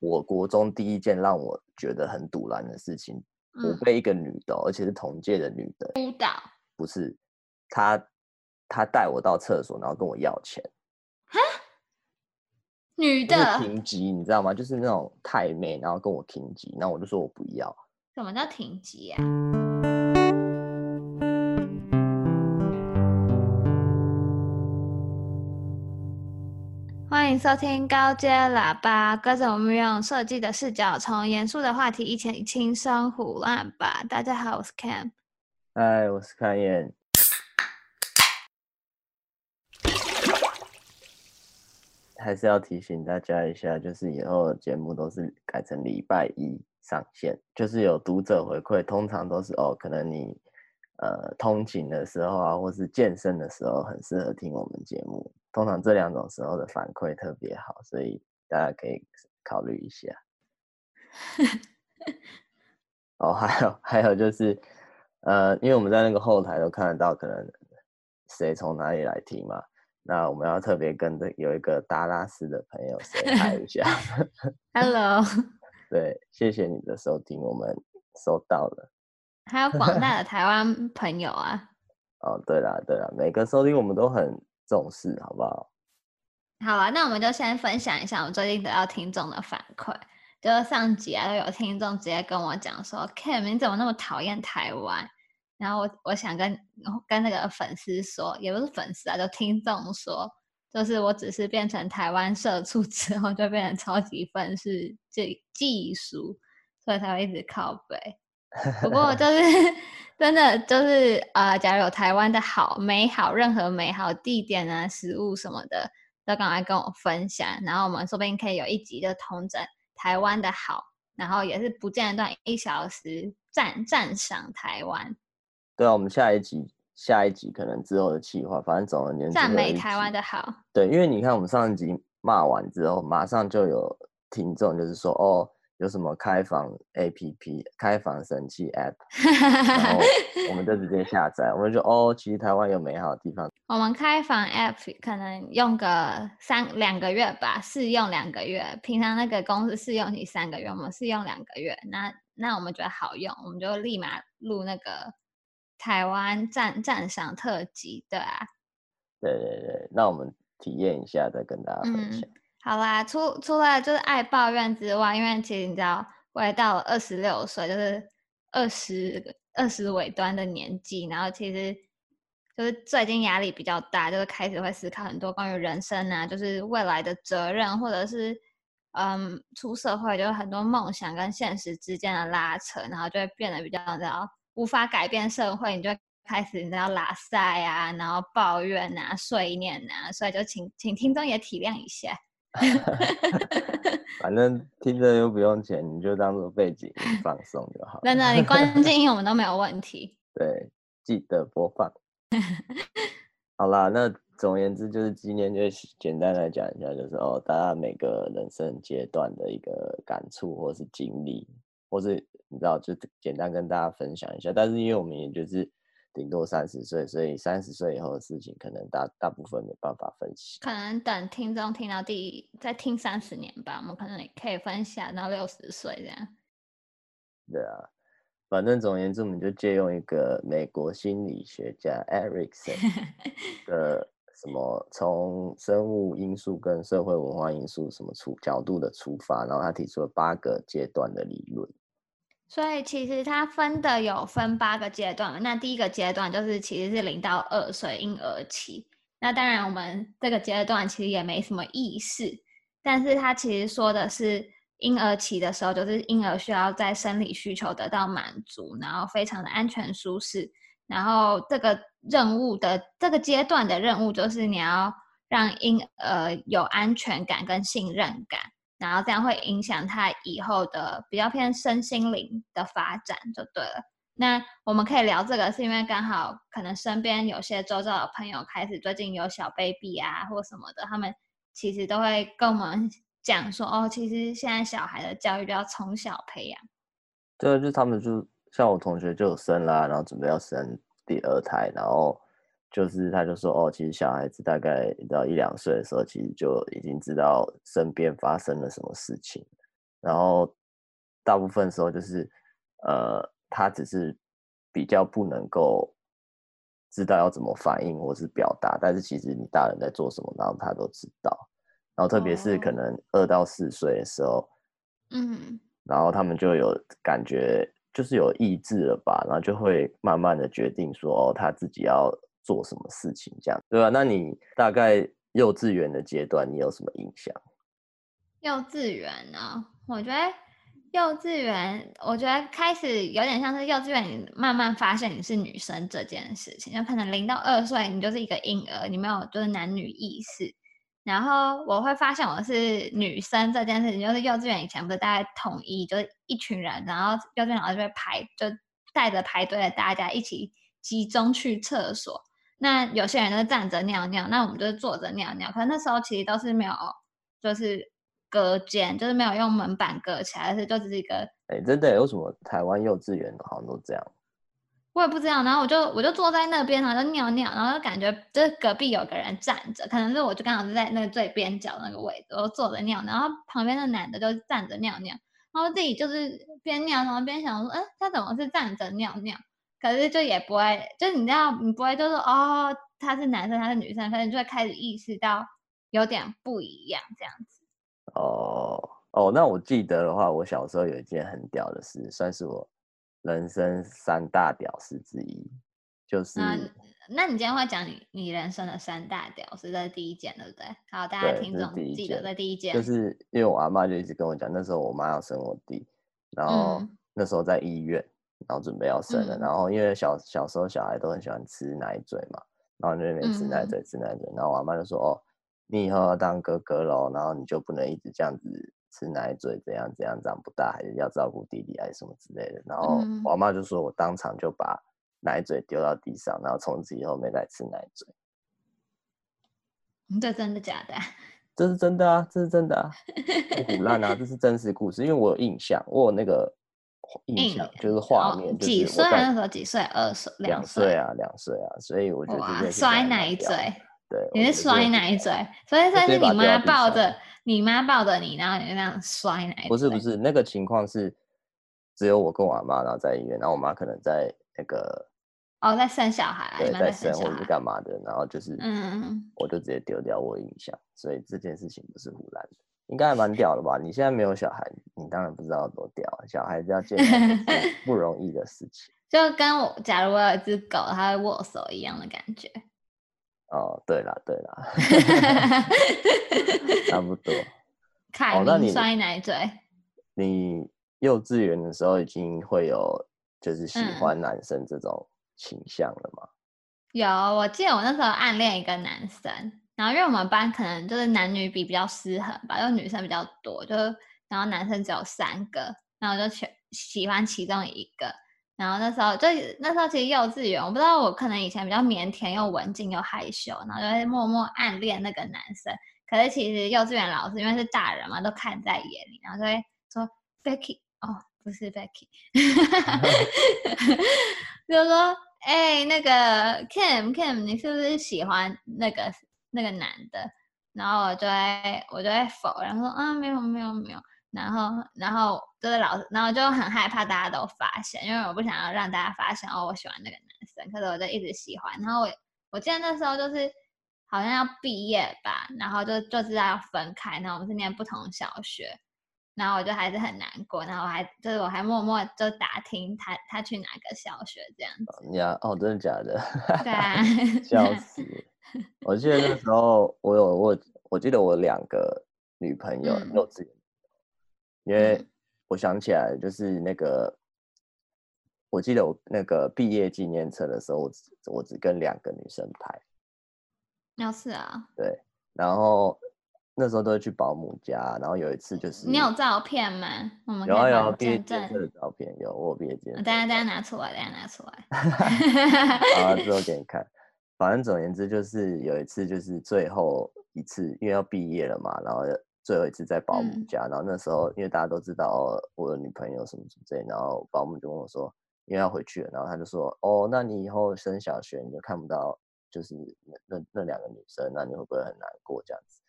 我國中第一件讓我覺得很賭爛的事情，我被一個女的，而且是同屆的女的，孤島，不是，她，她帶我到廁所，然後跟我要錢，女的停機，你知道嗎？就是那種太妹，然後跟我停機，然後我就說我不要，什麼叫停機呀、啊？收聽高階喇叭，跟着我們用設計的視角，從嚴肅的話題一起輕鬆胡亂吧。大家好，我是 Camp 嗨，我是 Karen。 還是要提醒大家一下，就是以後的節目都是改成禮拜一上線。就是有讀者回饋，通常都是哦，可能你呃通勤的時候啊，或是健身的時候，很適合聽我們節目。通常這兩種時候的反饋特別好，所以大家可以考慮一下。 哦，還有還有就是，呃，因為我們在那個後台都看得到，可能誰從哪裡來聽嘛。那我們要特別跟的有一個達拉斯的朋友說一下。Hello。對，謝謝你的收聽，我們收到了。 還有廣大的台灣朋友啊。哦，對啦對啦，每個收聽我們都很。這種事好不好？好了，啊，那我們就先分享一下我最近得到聽眾的反饋。就是上集啊，有聽眾直接跟我講說：「Cam，你怎麼那麼討厭台灣？”然後我我想跟跟那個粉絲說，也不是粉絲啊，就聽眾說，就是我只是變成台灣社畜之後，就變成超級憤世、嫉嫉俗，所以才會一直靠北。 不過我就是。真的就是，呃，假如有台灣的好、美好任何美好地點啊、食物什麼的，都趕快跟我分享。然後我們說不定可以有一集就統整台灣的好，然後也是不間斷一小時贊贊賞台灣。對啊，我們下一集、下一集可能之後的企劃，反正總而言之贊美台灣的好。對，因為你看我們上一集罵完之後，馬上就有聽眾就是說，哦。有什麼開房 APP、開房神器 App，哈哈哈，我們就直接下載。 我們就哦，其實台灣有美好的地方。我們開房 App 可能用個三兩個月吧，試用兩個月。平常那個公司試用期三個月，我們試用兩個月。那那我們覺得好用，我們就立馬錄那個台灣戰讚賞特輯，對啊。對對對，那我們體驗一下，再跟大家分享。嗯好啦，除除了就是愛抱怨之外，因為其實你知道，我也到了二十六歲，就是二十二十尾端的年紀，然後其實就是最近壓力比較大，就是開始會思考很多關於人生啊，就是未來的責任，或者是嗯出社會，就是很多夢想跟現實之間的拉扯，然後就會變得比較，然後無法改變社會，你就開始你知道拉賽啊，然後抱怨啊，碎念啊，所以就請請聽眾也體諒一下。 反正聽着又不用錢，你就當做背景放鬆就好。 等等，你關靜音，我們都沒有問題。對，記得播放。 好啦，那總而言之，就是今天就簡單來講一下，就是哦，大家每個人生階段的一個感觸，或是經歷，或是你知道，就簡單跟大家分享一下。但是因為我們也就是。頂多三十歲，所以三十歲以後的事情，可能大大部分沒辦法分析。可能等聽眾聽到第一，再聽三十年吧，我們可能也可以分享到六十歲這樣。對啊，反正總言之，我們就借用一個美國心理學家 Erikson 的什麼，從生物因素跟社會文化因素什麼出角度的出發，然後他提出了八個階段的理論。所以其實它，分的有分八個階段，那第一個階段就是其實是零到二歲嬰兒期。那當然我們這個階段其實也沒什麼意思。但是他其實說的是嬰兒期的時候，就是嬰兒需要在生理需求得到滿足，然後非常的安全舒適。然後這個任務的這個階段的任務就是你要讓嬰兒有安全感跟信任感。然後這樣會影響他以後的比較偏身心靈的發展就對了。那我們可以聊這個，是因為剛好可能身邊有些周遭的朋友開始最近有小 baby 啊或什麼的，他們其實都會跟我們講說，哦，其實現在小孩的教育都要從小培養。對，就他們就像我同學就有生啦，然後準備要生第二胎，然後。就是他，就說哦，其實小孩子大概到一兩歲的時候，其實就已經知道身邊發生了什麼事情，然後大部分時候就是，呃，他只是比較不能夠知道要怎麼反應或是表達，但是其實你大人在做什麼，然後他都知道，然後特別是可能二到四歲的時候，嗯，然後他們就有感覺，就是有意志了吧，然後就會慢慢的決定說，哦，他自己要。做什麼事情這樣對吧？啊？那你大概幼稚園的階段，你有什麼印象？幼稚園呢？啊？我覺得幼稚園，我覺得開始有點像是幼稚園，你慢慢發現你是女生這件事情。就可能零到二歲，你就是一個嬰兒，你沒有就是男女意識。然後我會發現我是女生這件事情，就是幼稚園以前不是大家統一就是一群人，然後幼稚園老師就會排，就帶着排隊的大家一起集中去廁所。那有些人就是站着尿尿，那我們就是坐着尿尿。可是那時候其實都是沒有，就是隔間，就是沒有用門板隔起來，就是就只是一個。哎、欸，真的，有什麼台灣幼稚園好像都這樣？我也不知道。然後我就我就坐在那邊，然後就尿尿，然後就感覺就是隔壁有個人站着，可能是我就剛好在那個最邊角那個位置，我坐着尿，然後旁邊的男的就站着尿尿，然後自己就是邊尿然後邊想說，哎、欸，他怎麼是站着尿尿？可是就也不會，就是你知道，你不會就是說哦，他是男生，他是女生，可能就會開始意識到有點不一樣這樣子。哦哦，那我記得的話，我小時候有一件很屌的事，算是我人生三大屌事之一，就是。嗯，那你今天會講你你人生的三大屌事，這是第一件，對不對？好，大家聽眾記得，這是第一件。這是第一件，就是因為我阿媽就一直跟我講，那時候我媽要生我弟，然後，嗯，那時候在醫院。然後準備要生了，嗯、然後因為小小時候小孩都很喜歡吃奶嘴嘛，然後就那邊吃奶嘴吃奶嘴，嗯、然後我媽就說：“哦，你以後要當哥哥嘍、哦，然後你就不能一直這樣子吃奶嘴，這樣這樣長不大，還是要照顧弟弟還是什麼之類的。”然後我媽就說我當場就把奶嘴丟到地上，然後從此以後沒再吃奶嘴。這、嗯、真的假的？這是真的啊，這是真的啊，不 爛啊，這是真實故事，因為我有印象，我有那個。印象，就是畫面。幾歲？那時候幾歲？二歲，兩歲啊，兩歲啊。所以我覺得這摔哪一嘴？對，你是摔哪一嘴？所以算是你媽抱着你媽抱着你，然後你就那樣摔哪一嘴？不是不是，那個情況是只有我跟我阿嬤，然後在醫院，然後我媽可能在那個哦，在生小孩，對，在生或者是幹嘛的，然後就是嗯嗯嗯，我就直接丟掉我印象，所以這件事情不是胡亂的。應該還蠻屌的吧？你現在沒有小孩，你當然不知道有多屌。小孩子要接受不容易的事情， 就跟我假如我有一只狗，它會握手一樣的感覺。哦，對了對了， 差不多。卡丁摔奶嘴。哦你。你幼稚園的時候已經會有就是喜歡男生這種傾向了嗎？嗯？有，我記得我那時候暗戀一個男生。然後因為我們班可能就是男女比比，比較失衡吧，就女生比較多，就然後男生只有三個，然後就喜喜歡其中一個。然後那時候就那時候其實幼稚園，我不知道我可能以前比較靦腆又文靜又害羞，然後就會默默暗戀那個男生。可是其實幼稚園老師因為是大人嘛，都看在眼裡，然後就會說：“Becky 哦，不是 Becky， 嗯、 就說哎、欸、那個 Kim Kim，你是不是喜歡那個？”那個男的，然後我就會我就會否，然後說啊沒有沒有沒有，然後然後就是老，然後就很害怕大家都發現，因為我不想要讓大家發現哦，我喜歡那個男生，可是我就一直喜歡，然後我我記得那時候就是好像要畢業吧，然後就就知道要分開，然後我們是念不同小學。然後我就還是很難過，然後我還就是我還默默就打聽他他去哪個小學這樣子呀。哦啊？哦，真的假的？對啊，， 笑死了！ 我記得那時候我有我我記得我兩個女朋友幼稚園，嗯、因為我想起來就是那個，嗯、我記得我那個畢業紀念冊的時候，我只我只跟兩個女生拍，那是啊。哦？對，然後。那時候都會去保姆家，然後有一次就是你有照片嗎？有啊、有我們然後要畢業證的照片，有我有畢業證。大家大家拿出來，大家拿出來。 好啊，最後給你看。 反正總而言之，就是有一次就是最後一次，因為要畢業了嘛，然後最後一次在保姆家。嗯、然後那時候因為大家都知道我的女朋友什麼之類，然後保姆就跟我說，因為要回去了，然後他就說，哦，那你以後升小學你就看不到，就是那那兩個女生，那你會不會很難過這樣子？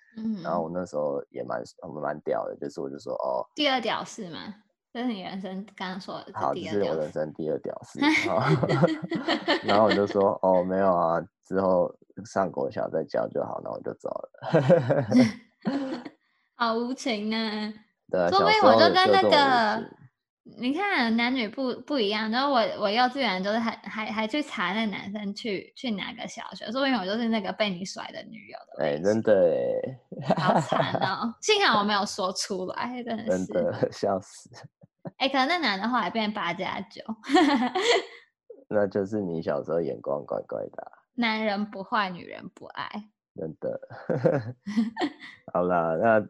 然後我那時候也蠻、我們蠻屌的，就是我就說，哦，第二屌絲嘛，這、就是你人生剛剛說的，好，這是我人生第二屌絲。 然後我就說，哦，沒有啊，之後上國小再叫就好，那我就走了。 好無情啊！對，所以我就跟那個。你看男女不不一樣，然後我我幼稚園就是還還還，還去查那男生去去哪個小學，說明我就是那個被你甩的女友哎、欸，真的哎、欸，好慘哦、喔！ 幸好我沒有說出來，真的是，真的笑死。哎、欸，可能那男的後來變八加九， 那就是你小時候眼光怪怪的、啊。男人不壞，女人不愛。真的。 好了，那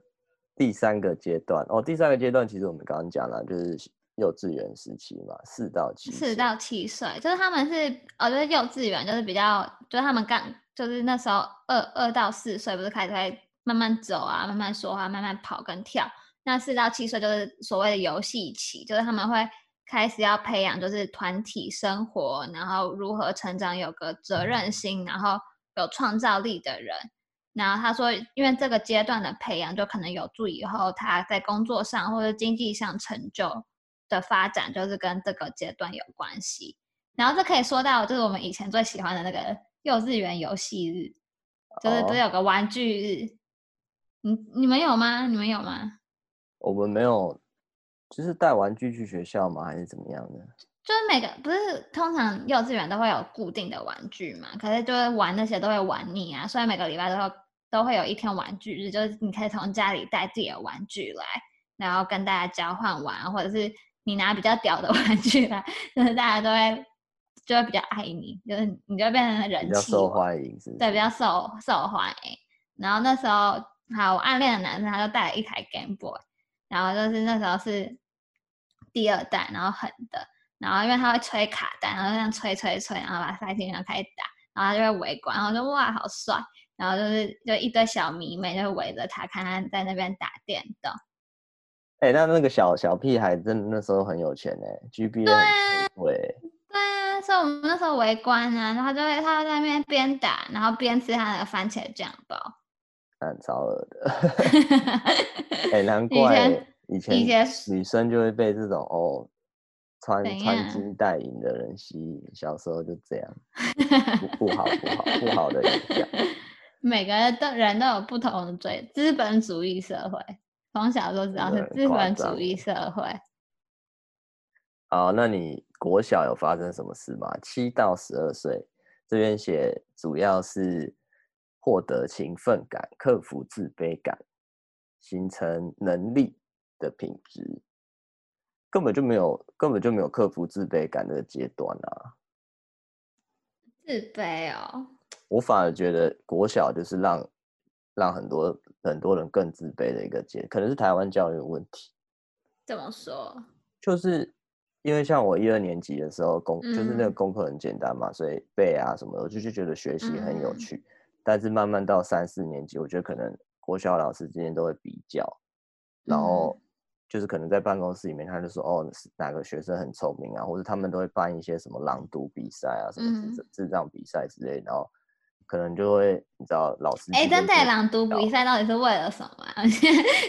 第三個階段哦，第三個階段其實我們剛剛講了，就是。幼稚園時期嘛，四到七，四到七歲就是他們是哦，就是幼稚園，就是比較，就是他們剛就是那時候二二到四歲，不是開始慢慢走啊，慢慢說話啊，慢慢跑跟跳。那四到七歲就是所謂的遊戲期，就是他們會開始要培養，就是團體生活，然後如何成長，有個責任心，然後有創造力的人。然後他說，因為這個階段的培養，就可能有助以後他在工作上或者經濟上成就。的發展就是跟這個階段有關係，然後這可以說到就是我們以前最喜歡的那個幼稚園遊戲日，就是不是有個玩具日？哦、你你們有嗎？你們有嗎？我們沒有，就是帶玩具去學校嗎？還是怎麼樣的？就是每個不是通常幼稚園都會有固定的玩具嘛，可是就是玩那些都會玩膩啊，所以每個禮拜都要都會有一天玩具日，就是你可以從家裡帶自己的玩具來，然後跟大家交換玩，或者是。你拿比較屌的玩具來，就是大家都會，就會比較愛你，就是你就會變成人氣，比較受歡迎，是，是。對，比較受受歡迎。然後那時候，好，我暗戀的男生他就帶了一台 Game Boy，然後就是那時候是第二代，然後狠的，然後因為他會吹卡帶，然後這樣吹吹吹，然後把塞進去開始打，然後他就會圍觀，然後就哇好帥，然後就是就一堆小迷妹就會圍着他看他在那邊打電動。哎、欸，那那個小小屁孩真的那時候很有錢，哎、欸、，G B A、欸、對、啊，對啊，所以我們那時候圍觀、啊、然後就會他在那邊邊打，然後邊吃他的番茄醬包，很超惡的，哎、 欸，難怪以前女生就會被這種哦穿樣穿金戴銀的人吸引，小時候就這樣，不不好不好不好的， 每個人都人都有不同的追資本主義社會。從小就知道是資本主義社會。好，那你國小有發生什麼事嗎？七到十二歲這邊寫主要是獲得勤奮感、克服自卑感、形成能力的品質，根本就沒有根本就沒有克服自卑感的階段啊。自卑哦。我反而覺得國小就是讓。讓很多很多人更自卑的一個節，可能是台灣教育問題。怎麼說？就是因為像我一二年級的時候，功、嗯、就是那個功課很簡單嘛，所以背啊什麼的，我就就覺得學習很有趣。嗯、但是慢慢到三四年級，我覺得可能國小老師之間都會比較，然後就是可能在辦公室裡面，他就說哦，哪個學生很聰明啊，或者他們都會辦一些什麼朗讀比賽啊，什麼、嗯、智障比賽之類，然後。可能就會你知道老師哎，真的朗讀比賽到底是為了什麼？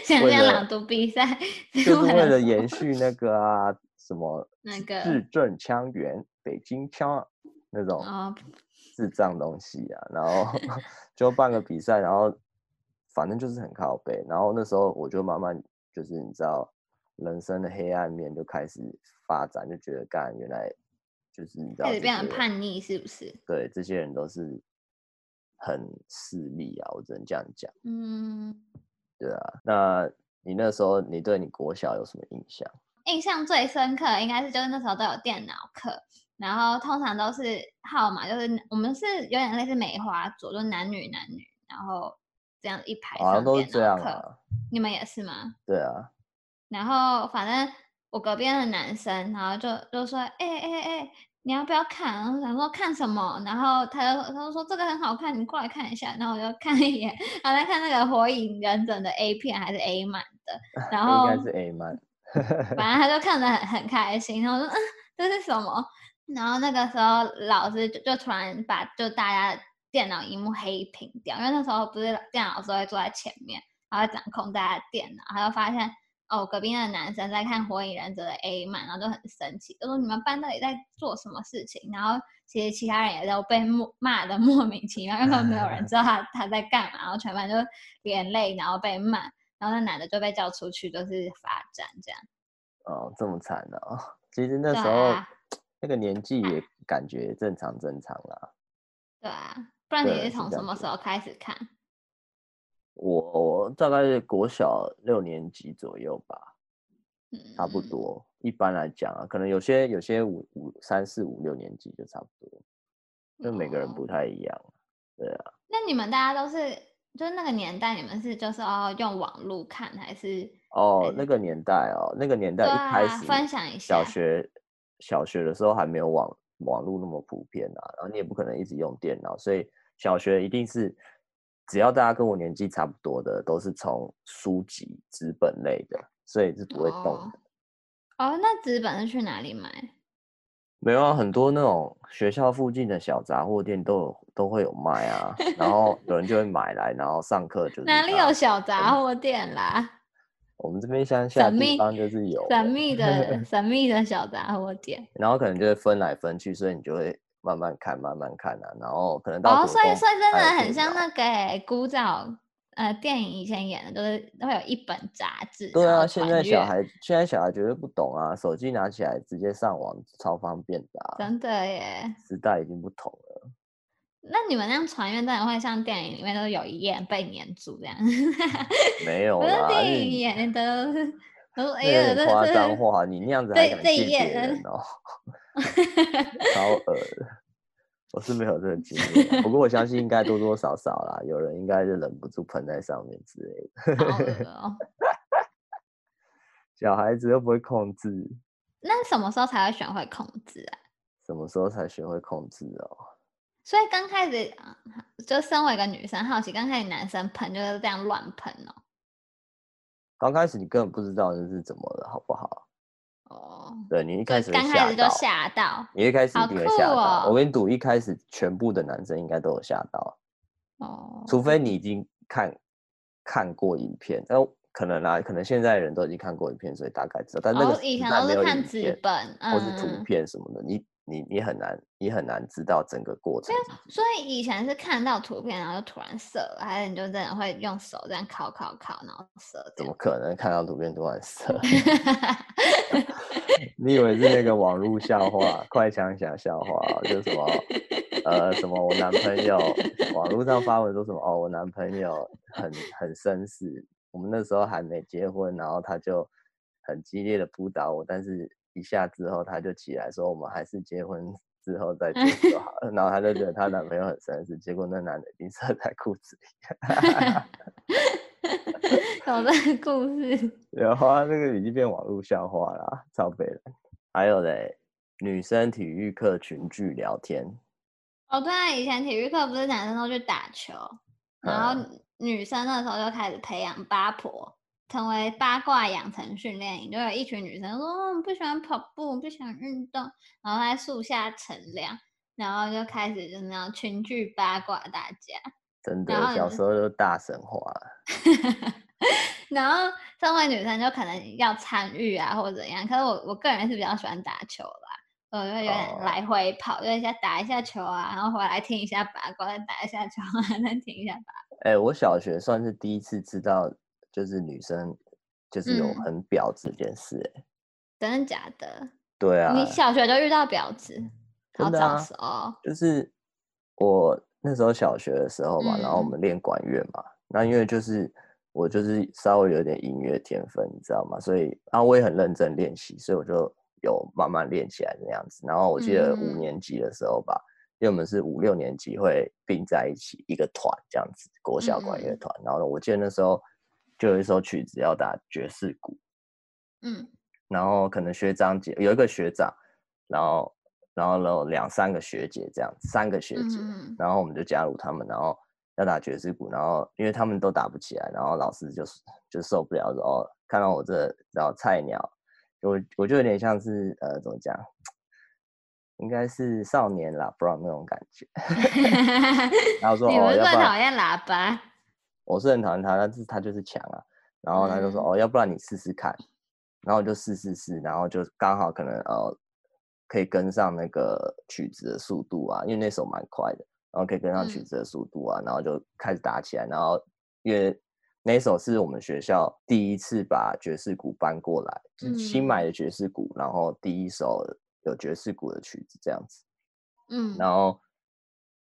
現在朗讀比賽就是為了延續那個啊什麼那個字正腔圓、北京腔那種啊智障東西啊，哦、然後 就辦個比賽，然後反正就是很靠北，然後那時候我就慢慢就是你知道人生的黑暗面就開始發展，就覺得幹原來就是你知道開始變成叛逆是不是？對，這些人都是。很勢利啊，我只能這樣講。嗯，對啊，那你那時候你對你國小有什麼印象？印象最深刻應該是就是那時候都有電腦課，然後通常都是號碼，就是我們是有點類似梅花座，就是、男女男女，然後這樣一排。好像、啊、都是這樣啊。你們也是嗎？對啊。然後反正我隔壁的男生，然後就就說，哎哎哎。你要不要看？然後想說看什麼，然後他就說他就說這個很好看，你過來看一下。然後我就看一眼，然後他看那個《火影忍者》的 A 片還是 A 滿的，然後還是 A 滿。反正他就看得很很開心。然後說嗯，這是什麼？然後那個時候老師就就突然把就大家電腦熒幕黑屏掉，因為那時候不是電腦老師會坐在前面，然後掌控大家電腦，然後就發現。哦，隔壁的男生在看《火影忍者》的 A 漫，然後就很生氣，就說你們班到底在做什麼事情？然後其實其他人也都被罵的莫名其妙，根本沒有人知道他他在幹嘛。然後全班就連累，然後被罵，然後那男的就被叫出去，就是罰站這樣。哦，這麼慘哦，其實那時候、啊、那個年紀也感覺正常正常了，啊。對啊，不然你是從什麼時候開始看？我大概是國小六年級左右吧，嗯、差不多。一般來講啊，可能有些有些五五三四五六年級就差不多，哦、就每個人不太一樣。對啊，那你們大家都是，就是那個年代，你們是就是哦用網路看還是？哦，哎、那個年代哦，那個年代一開始分享、啊、一下小學，小學的時候還沒有網網路那麼普遍啊，然後你也不可能一直用電腦，所以小學一定是。只要大家跟我年紀差不多的，都是從書籍紙本類的，所以是不會動的。哦，哦，那紙本是去哪裡買？沒有啊，很多那種學校附近的小雜貨店都有，都會有賣啊。 然後有人就會買來，然後上課就哪裡有小雜貨店啦？我們這邊鄉下地方就是有神秘的神秘的小雜貨店， 然後可能就會分來分去，所以你就會。慢慢看，慢慢看啊，然後可能到哦，所以所以真的很像那個、欸、古早呃電影以前演的，都、就是會有一本雜誌。對啊，現在小孩現在小孩絕對不懂啊，手機拿起來直接上網，超方便的、啊、真的耶！時代已經不同了。那你們那樣傳閱，當然會像電影裡面都有一頁被黏住這樣。 沒有啦、啊。 電影演的。那誇張話這這、啊，你那樣子還敢見人哦？ 超噁！我是沒有這個經歷、啊，不過我相信應該多多少少啦，有人應該是忍不住噴在上面之類的。 超噁的哦、小孩子又不會控制，那什麼時候才會學會控制啊？什麼時候才學會控制哦？所以剛開始，就身為一個女生，好奇剛開始男生噴就是這樣亂噴哦。剛開始你根本不知道那是怎麼了，好不好？哦，對你一開始剛開始都嚇到，你一開始一定會嚇到。我跟你賭，一開始全部的男生應該都有嚇到，哦，除非你已經看看過影片，那、呃、可能啦、啊，可能現在的人都已經看過影片，所以大概知道。我、那個哦、以前都是看紙本，嗯、或是圖片什麼的，你。你你很難，你很難知道整個過程。所以以前是看到圖片然後就突然射了，還是你就真的會用手這樣烤烤烤，然後射？怎麼可能看到圖片突然射？ 你以為是那個網絡笑話、 快槍俠，俠笑，笑話，就什麼呃什麼我男朋友，網絡上發文說什麼哦，我男朋友很很紳士，我們那時候還沒結婚，然後他就很激烈的撲倒我，但是。一下之後，她就起來說：“我們還是結婚之後再做好了。”然後她就覺得她男朋友很紳士，結果那男的已經射在褲子裡。哈哈哈哈哈！搞笑， 故事。然後那個已經變網絡笑話了、啊，超北七了。還有呢，女生體育課群聚聊天。我、哦、對啊，以前體育課不是男生都去打球，嗯、然後女生那時候就開始培養八婆。成為八卦養成訓練營，就有一群女生說：“我、哦、不喜歡跑步，我不喜歡運動，然後在樹下乘涼，然後就開始就那、是、樣群聚八卦。”大家真的小時候就大神話， 然後身為女生就可能要參與啊，或者怎樣。可是我我個人是比較喜歡打球啦，我會有點來回跑，oh. 就一下打一下球啊，然後回來聽一下八卦，再打一下球啊，再聽一下八卦。哎、欸，我小學算是第一次知道。就是女生，就是有很婊子這件事，欸，哎、嗯，真的假的？對啊，你小學就遇到婊子，好早，嗯啊，熟哦。就是我那時候小學的時候嘛，嗯、然後我們練管樂嘛，那因為就是我就是稍微有點音樂天分，你知道嗎？所以啊，我也很認真練習，所以我就有慢慢練起來的那樣子。然後我記得五年級的時候吧，嗯、因為我們是五六年級會併在一起一個團這樣子，國小管樂團。嗯、然後我記得那時候。就有一首曲子要打爵士鼓，嗯，然後可能學長姐有一個學長，然後然後然後兩三個學姐這樣，三個學姐，嗯嗯然後我們就加入他們，然後要打爵士鼓，然後因為他們都打不起來，然後老師就是就受不了然後看到我這然後菜鳥，我我就有點像是呃怎麼講，應該是少年拉布朗那種感覺， 然後說你們最討厭喇叭。我是很討厭他，但是他就是強啊。然後他就說：“嗯、哦，要不然你試試看。”然後就試試試，然後就剛好可能呃、哦、可以跟上那個曲子的速度啊，因為那首蠻快的，然後可以跟上曲子的速度啊，嗯、然後就開始打起來。然後因為那首是我們學校第一次把爵士鼓搬過來，嗯、就新買的爵士鼓，然後第一首有爵士鼓的曲子這樣子。嗯。然後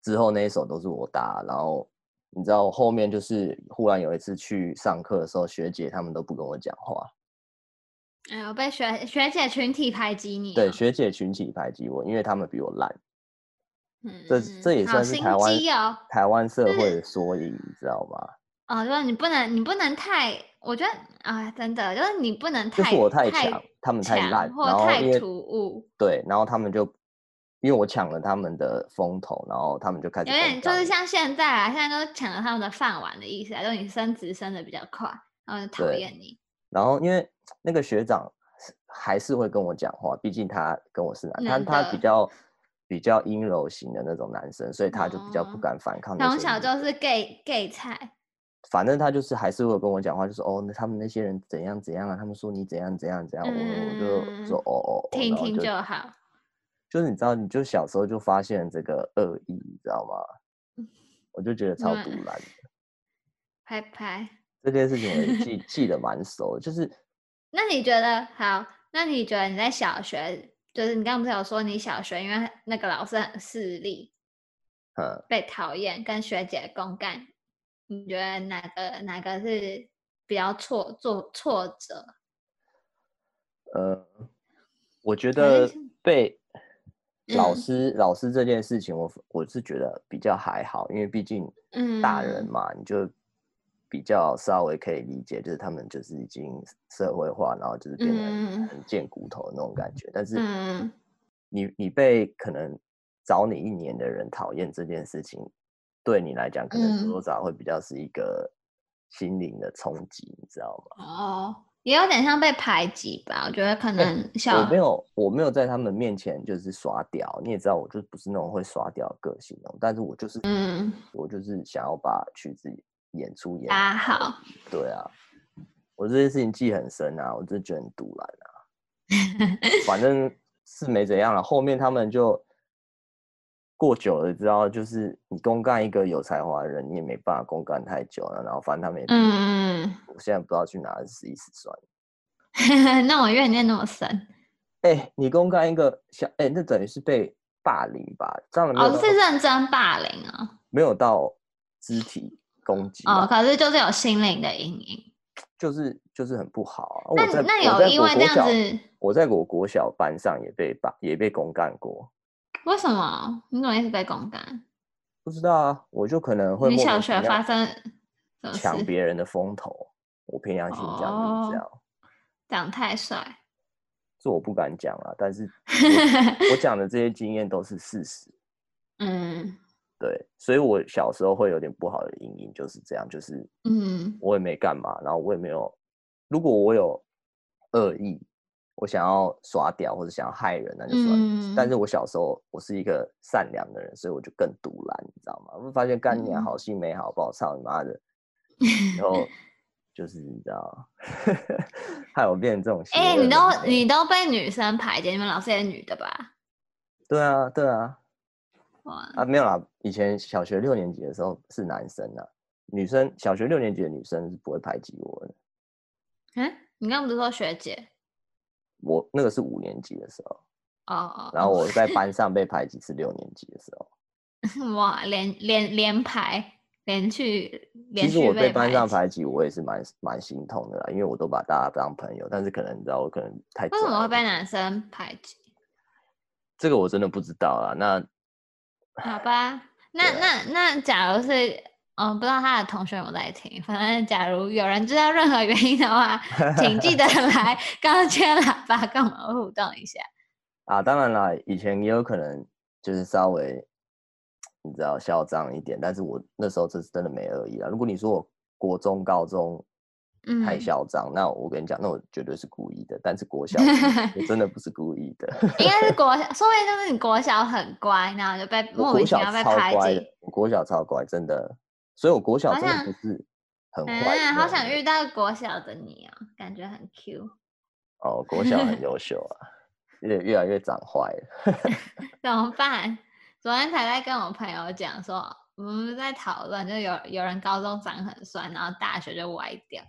之後那一首都是我打，然後。你知道我後面就是忽然有一次去上課的時候，學姐他們都不跟我講話。哎，我被學學姐群體排擠你、哦？對，學姐群體排擠我，因為他們比我爛。嗯，這這也算是台灣、哦、台灣社會的縮影，嗯、你知道嗎？哦，就是你不能，你不能太，我覺得啊、哦，真的就是你不能太就是我太強，太強，他們太爛，強或然後太突兀。對，然後他們就。因為我搶了他們的風頭，然後他們就開始有點就是像現在啊，現在都搶了他們的飯碗的意思啊，是你升職升得比較快，然後就討厭你。然後因為那個學長還是會跟我講話，畢竟他跟我是男，的他他比較比較陰柔型的那種男生，所以他就比較不敢反抗、哦。從小就是 gay gay 菜。反正他就是還是會跟我講話，就是哦，那他們那些人怎樣怎樣啊，他們說你怎樣怎樣怎樣，我我、嗯哦、就說哦哦，哦，聽聽就好。就是你知道，你就小時候就發現這個惡意，你知道嗎？我就覺得超毒爛的、嗯，拍拍這件事情，我記得 記得蠻熟。就是，那你覺得好？那你覺得你在小學，就是你剛剛不是有說你小學因為那個老師很勢利，嗯，被討厭，跟學姐共幹，你覺得哪個哪個是比較挫做挫折？嗯、呃，我覺得被。 嗯、老師，老師這件事情我，我我是覺得比較還好，因為畢竟，大人嘛，嗯、你就比較稍微可以理解，就是他們就是已經社會化，然後就是變得很見骨頭的那種感覺。嗯、但是你，你你被可能找你一年的人討厭這件事情，對你來講，可能多少會比較是一個心靈的衝擊，你知道嗎？啊、嗯。嗯哦也有點像被排擠吧，我覺得可能像、欸，我沒有，我沒有在他們面前就是耍屌，你也知道我就是不是那種會耍屌的個性哦，但是我就是嗯，我就是想要把曲子演出演出啊，好，對啊，我這件事情記很深啊，我就覺得很毒辣的、啊， 反正是沒怎樣了，後面他們就。過久了，知道就是你公幹一個有才華的人，你也沒辦法公幹太久了。然後反正他們也……嗯嗯嗯。我現在不知道去哪試一試算了 那我怨念那麼深。哎、欸，你公幹一個小哎、欸，那等於是被霸凌吧？這樣的哦，是，是認真霸凌啊，喔。沒有到肢體攻擊哦，可是就是有心靈的陰影，就是就是很不好，啊。那我在那有意外那樣子？我在我國小班上也被霸，也被公幹過。為什麼你怎麼一直在公幹？不知道啊，我就可能會。你想學發生搶別人的風頭，我偏良心講的這樣。長、哦、太帥，這我不敢講啊！但是我， 我講的這些經驗都是事實。嗯，對，所以我小時候會有點不好的陰影，就是這樣，就是嗯，我也沒幹嘛，然後我也沒有，如果我有惡意。我想要耍屌，或者想要害人，那就算、嗯、但是我小時候我是一個善良的人，所以我就更毒辣。你知道嗎？我發現幹娘好心沒好報，操你媽的！嗯、然後就是你知道， 害我變成這種……哎、欸，你都你，說你都被女生排擠，你們老師也女的吧？對啊，對啊。Wow. 啊，沒有啦！以前小學六年級的時候是男生啊。女生小學六年級的女生是不會排擠我的。嗯、欸，你剛不是說學姐？我那個是五年級的時候，哦，oh. 然後我在班上被排擠是六年級的時候， 哇，連連連排，連續連續被排擠。其實我被班上排擠，我也是蠻蠻心痛的啦，因為我都把大家當朋友，但是可能你知道，我可能太了……為什麼會被男生排擠？這個我真的不知道啊。那好吧，那那、 啊、那，那那假如是。嗯、哦，不知道他的同學有沒有在聽。反正，假如有人知道任何原因的話， 請記得來高階喇叭跟我們互動一下。啊，當然了，以前也有可能就是稍微，你知道，囂張一點。但是我那時候這次真的沒惡意啊。如果你說我國中、高中太囂張，嗯、那我，我跟你講，那我絕對是故意的。但是國小我 真的不是故意的。應該是國小，說不定就是你國小很乖，然後就被莫名其妙被排擠。國小超乖的，國小超乖，真的。所以我國小真的不是很壞，哎。好想遇到國小的你哦，感覺很 Q。哦，國小很優秀啊， 越越來越長壞了， 怎麼辦？昨天才在跟我朋友講說，我們在討論，就有有人高中長很帥，然後大學就歪掉。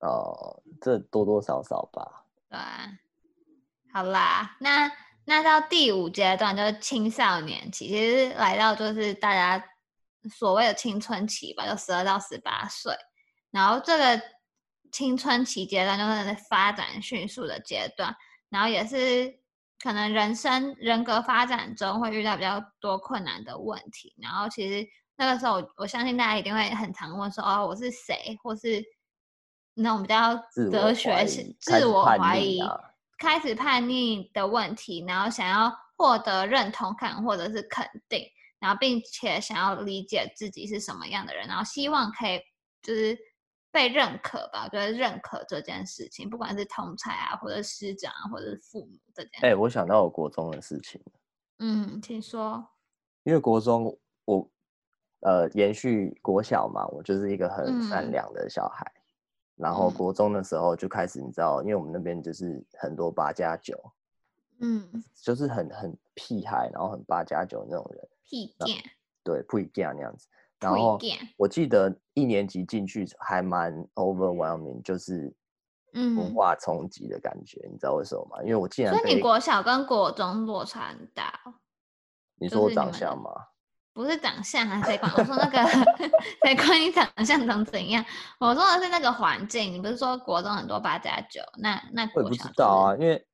哦，這多多少少吧。對、啊。好啦，那那到第五階段就是青少年期，其實來到就是大家。所謂的青春期吧，就十二到十八歲，然後這個青春期階段就是發展迅速的階段，然後也是可能人生人格發展中會遇到比較多困難的問題。然後其實那個時候我，我相信大家一定會很常問說：“哦，我是誰？”或是那種比較哲學自我懷疑，懷疑開始叛逆的問題，啊、然後想要獲得認同感或者是肯定。然後，並且想要理解自己是什麼樣的人，然後希望可以就是被認可吧，就是認可這件事情，不管是同儕啊，或者師長啊，或者父母這件。哎、欸，我想到我國中的事情。嗯，請說。因為國中我呃延續國小嘛，我就是一個很善良的小孩。嗯、然後國中的時候就開始，你知道，因為我們那邊就是很多八加九，9, 嗯，就是很很屁孩，然後很八加九那種人。p g、啊、對 P.G.A. 那樣子，然後件我記得一年級進去還蠻 overwhelming，就是文化衝擊的感覺，嗯、你知道為什麼嗎？因為我竟然以，所以你國小跟國中落差很大。你說我長相嗎？是不是長相啊，誰管？我說那個 誰管你長相長怎樣？我說的是那個環境。你不是說國中很多八加九，那那我也不知道啊，因為。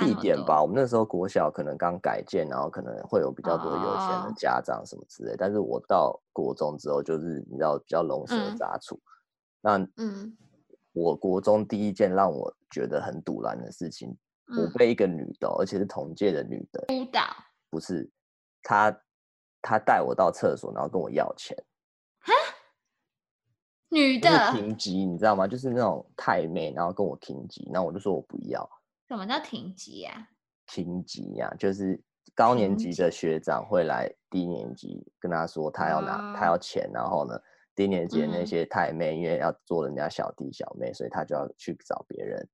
地點吧，我們那時候國小可能剛改建，然後可能會有比較多有錢的家長什麼之類。哦、但是我到國中之後，就是你知道，比較龍蛇雜處。那嗯，那我國中第一件讓我覺得很賭爛的事情，嗯、我被一個女的，而且是同屆的女的，不是，她她帶我到廁所，然後跟我要錢。女的停機，你知道嗎？就是那種太妹，然後跟我停機，然後我就說我不要。什麼叫停級呀、啊？停級呀、啊，就是高年級的學長會來低年級跟他說他要拿、哦、他要錢，然後呢，低年級的那些太妹、嗯、因為要做人家小弟小妹，所以他就要去找別人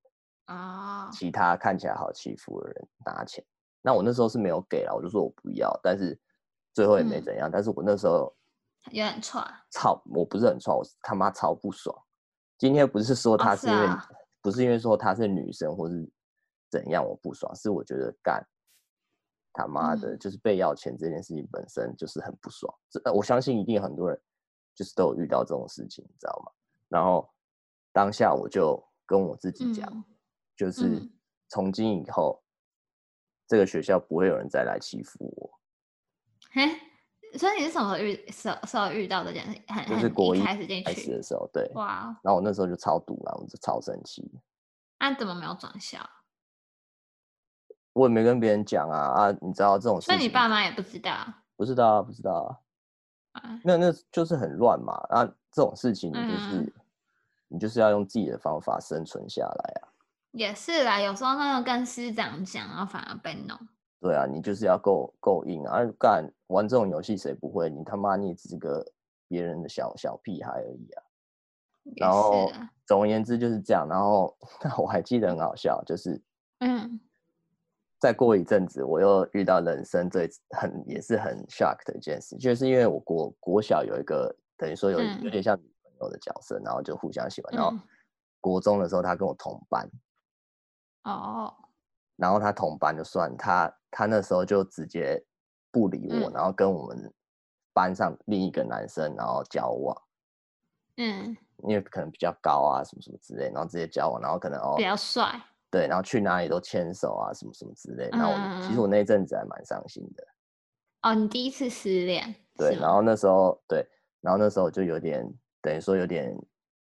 啊，哦、其他看起來好欺負的人拿錢。那我那時候是沒有給了，我就說我不要，但是最後也沒怎樣。嗯、但是我那時候有點挫，操，我不是很挫，我他媽超不爽。今天不是說他是因為、哦是啊、不是因為說她是女生，或是。怎樣我不爽？是我覺得幹他媽的，就是被要錢這件事情本身就是很不爽。嗯、這我相信一定很多人就是都有遇到這種事情，你知道嗎？然後當下我就跟我自己講，嗯、就是、嗯、從今以後這個學校不會有人再來欺負我。嘿，所以你是什麼時候遇？所所遇到的？就是國一,一開始進去開始的時候，對，哇！然後我那時候就超堵、啊，了我就超生氣。那、啊、怎麼沒有轉校？我也沒跟別人講啊啊！你知道這種事情，那你爸媽也不知道，不知道啊，不知道啊，啊那，那就是很亂嘛那、啊、這種事情，你就是嗯嗯你就是要用自己的方法生存下來啊。也是啦，有時候他要跟師長講，然後反而被弄。對啊，你就是要夠夠硬啊！幹、啊、玩這種遊戲誰不會？你他媽你也只是個別人的小小屁孩而已啊！是然後總而言之就是這樣。然後那 我還記得很好笑，就是嗯。再過一陣子，我又遇到人生最很也是很 shock 的一件事，就是因為我國國小有一個等於說有、嗯、有點像女朋友的角色，然後就互相喜歡。嗯、然後國中的時候，他跟我同班。哦。然後他同班就算他他那時候就直接不理我，嗯、然後跟我們班上另一個男生然後交往。嗯。因為可能比較高啊，什麼什麼之類，然後直接交往，然後可能哦比較帥。對，然後去哪裡都牽手啊，什麼什麼之類。然後我、嗯、其實我那陣子還蠻傷心的。哦，你第一次失戀對嗎？對，然後那時候，對，然後那時候就有點，等於說有點，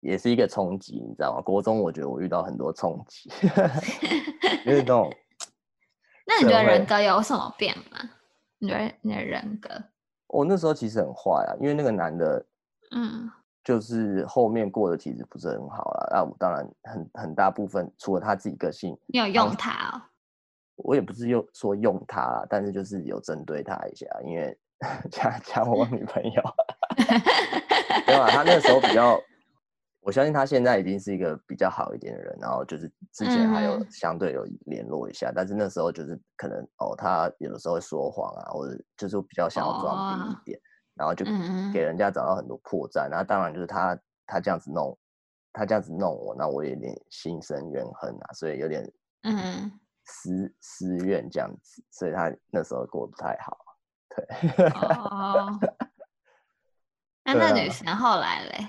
也是一個衝擊，你知道嗎？國中我覺得我遇到很多衝擊， 因為那種。 那你覺得人格有什麼變嗎？你覺得你的人格？我那時候其實很壞啊，因為那個男的。嗯。就是後面過得其實不是很好啦，那我當然很很大部分除了他自己個性，你有用他。哦，我也不是用說用他啦，但是就是有針對他一下，因為搶搶我女朋友， 對啊，他那時候比較，我相信他現在已經是一個比較好一點的人，然後就是之前還有相對有聯絡一下，嗯、但是那時候就是可能哦，他有的時候會說謊啊，或者就是比較想要裝逼一點。哦然後就給人家找到很多破綻，嗯、哼然後當然就是他他這樣子弄，他這樣子弄我，那我也有點心生怨恨啊，所以有點私嗯私哼私怨這樣子，所以他那時候過不太好，對。那那女生後來嘞？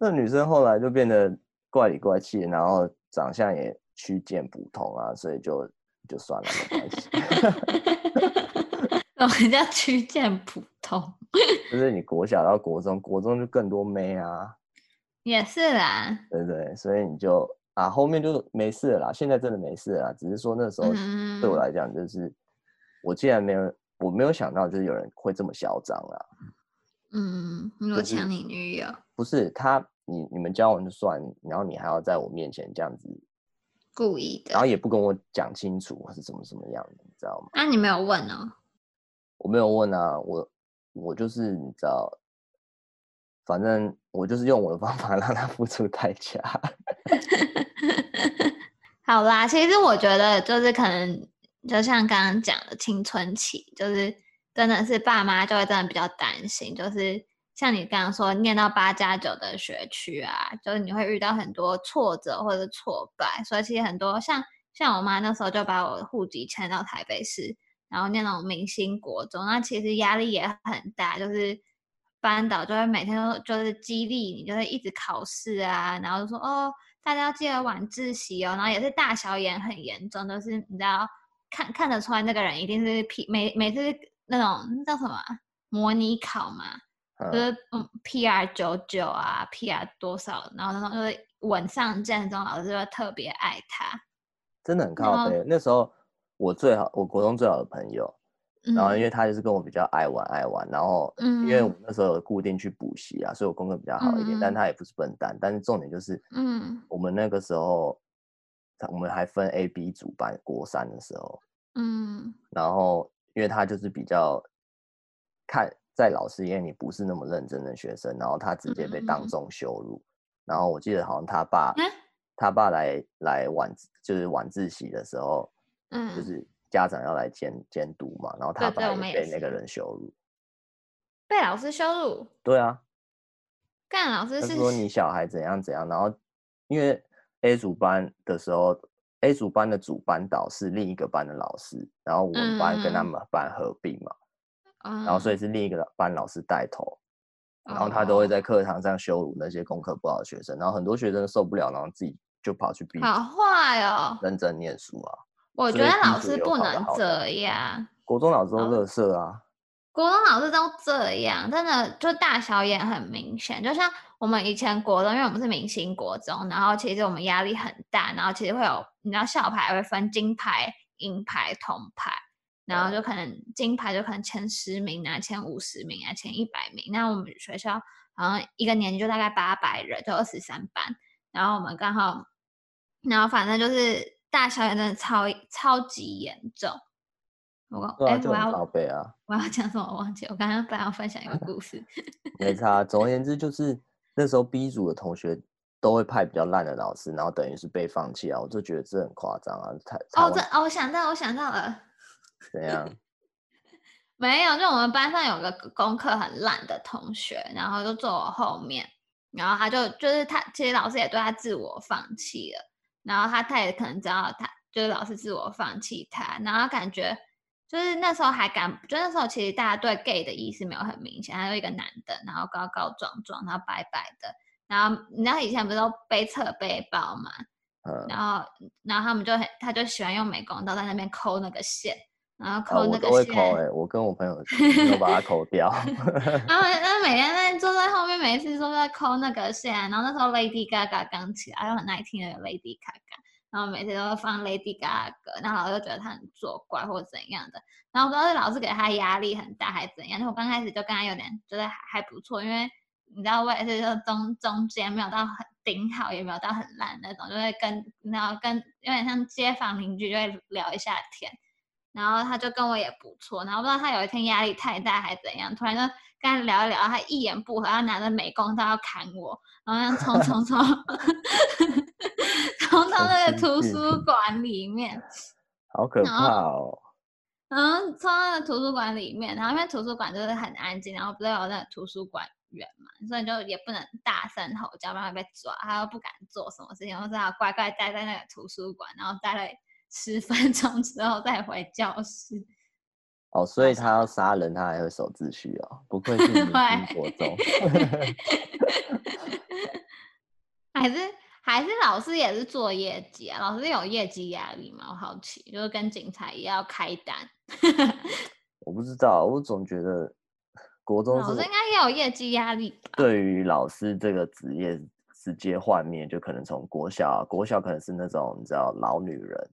那女生後來就變得怪裡怪氣，然後長相也去見普通啊，所以就就算了。 我們家曲見普通， 就是你國小到國中，國中就更多妹啊，也是啦，對，對對，所以你就啊後面就沒事了啦，現在真的沒事了啦，只是說那時候、嗯、對我來講就是我竟然沒有我沒有想到就是有人會這麼囂張啊，嗯，我搶你女友？不是他，你你們交往就算，然後你還要在我面前這樣子故意的，然後也不跟我講清楚我是怎麼怎麼樣的，你知道嗎？那、啊、你沒有問哦。我沒有問啊，我我就是你知道，反正我就是用我的方法讓他付出代價。 好啦，其實我覺得就是可能就像剛剛講的青春期，就是真的是爸媽就會真的比較擔心，就是像你剛剛說念到八加九的學區啊，就是你會遇到很多挫折或者挫敗，所以其實很多像像我媽那時候就把我的戶籍遷到台北市。然後那種明星國中，那其實壓力也很大，就是班導就會每天都就是激勵你，就是一直考試啊，然後就說哦，大家要記得晚自習哦，然後也是大小眼很嚴重，就是你知道，看看得出來那個人一定是 P 每，每次那種叫什麼模擬考嘛，啊、就是嗯 P R 九九啊 P R 多少，然後那種就是穩上建中老師就特別愛他，真的很靠北那，麼那時候。我最好，我國中最好的朋友，嗯、然後因為他就是跟我比較愛玩愛玩，然後，嗯，因為我那時候有固定去補習啊，嗯、所以我功課比較好一點，嗯、但他也不是笨蛋，但是重點就是，嗯，我們那個時候，我們還分 A、B 組班，國三的時候，嗯，然後因為他就是比較看在老師眼裡不是那麼認真的學生，然後他直接被當眾羞辱，嗯、然後我記得好像他爸，嗯、他爸來來晚就是晚自習的時候。嗯， 就是家長要來監監督嘛，然後他把我們被那個人羞辱， 被老師羞辱。對啊，幹，老師是，是說你小孩怎樣怎樣，然後因為 A 組班的時候，A 組班的主班導是另一個班的老師，然後我們班跟他們班合併嘛， 嗯、然後所以是另一個班老師帶頭，然後他都會在課堂上羞辱那些功課不好的學生，然後很多學生受不了，然後自己就跑去 B 組，好壞哦，認真念書啊。我覺得老師不能這樣。國中老師都垃圾啊、哦。國中老師都這樣，真的就大小眼很明顯。就像我們以前國中，因為我們是明星國中，然後其實我們壓力很大，然後其實會有，你知道校牌會分金牌、銀牌、銅牌，然後就可能對金牌就可能前十名啊、前五十名啊、前一百名。百名那我們學校好像一個年級就大概八百人，就二十三班，然後我們剛好，然後反正就是。大小眼真的超超級嚴重，我哎我要寶貝啊，我要講什麼我忘記了，我剛剛本來要分享一個故事， 沒差。總而言之，就是那時候 B 組的同學都會派比較爛的老師，然後等於是被放棄啊，我就覺得這很誇張啊，太。哦這，哦，我想到我想到了，怎樣？ 沒有，就我們班上有個功課很爛的同學，然後就坐我後面，然後他就就是他，其實老師也對他自我放棄了。然後他他也可能知道他，他就是老是自我放棄他，然後感覺就是那時候還敢，就那時候其實大家對 gay 的意思沒有很明顯，還有一個男的，然後高高壯壯，然後白白的，然後然後以前不是都背側背包嘛，然後然後他們就很他就喜歡用美工刀在那邊摳那個線。然後摳、啊、那個線，我都會摳、欸、我跟我朋友就 把它摳掉。 然後那每天在 坐在後面，每一次都在摳那個線。然後那時候 Lady Gaga 剛起來，又很耐聽的 Lady Gaga，然後每次都會放 Lady Gaga，然後老師就覺得他很作怪或怎樣的。然後不知道是老師給他壓力很大，還是怎樣。我剛開始就跟他有點覺得、就是、還，還不錯，因為你知道，我也是就中中間沒有到很頂好，也沒有到很爛那種，就會跟然後跟有點像街坊鄰居就會聊一下天。然後他就跟我也不錯，然後不知道他有一天壓力太大還是怎樣，突然就跟他聊一聊，他一言不合，他拿着美工刀要砍我，然後要衝衝衝，衝到 那個圖書館裡面，好可怕哦！嗯，衝到圖書館裡面，然後因為圖書館就是很安靜，然後不是有那個圖書館員嘛，所以就也不能大聲吼叫，不然會被抓，他又不敢做什麼事情，然後只好乖乖待在那個圖書館，然後待在。十分鐘之後再回教室。哦，所以他要殺人，他還會守秩序哦，不愧是國中。 還是還是老師也是做業績啊？老師也有業績壓力嗎？我好奇，就是跟警察也要開單。 我不知道、啊，我總覺得國中老師應該也有業績壓力。對於老師這個職業世界面，直接幻滅就可能從國小、啊，國小可能是那種你知道老女人。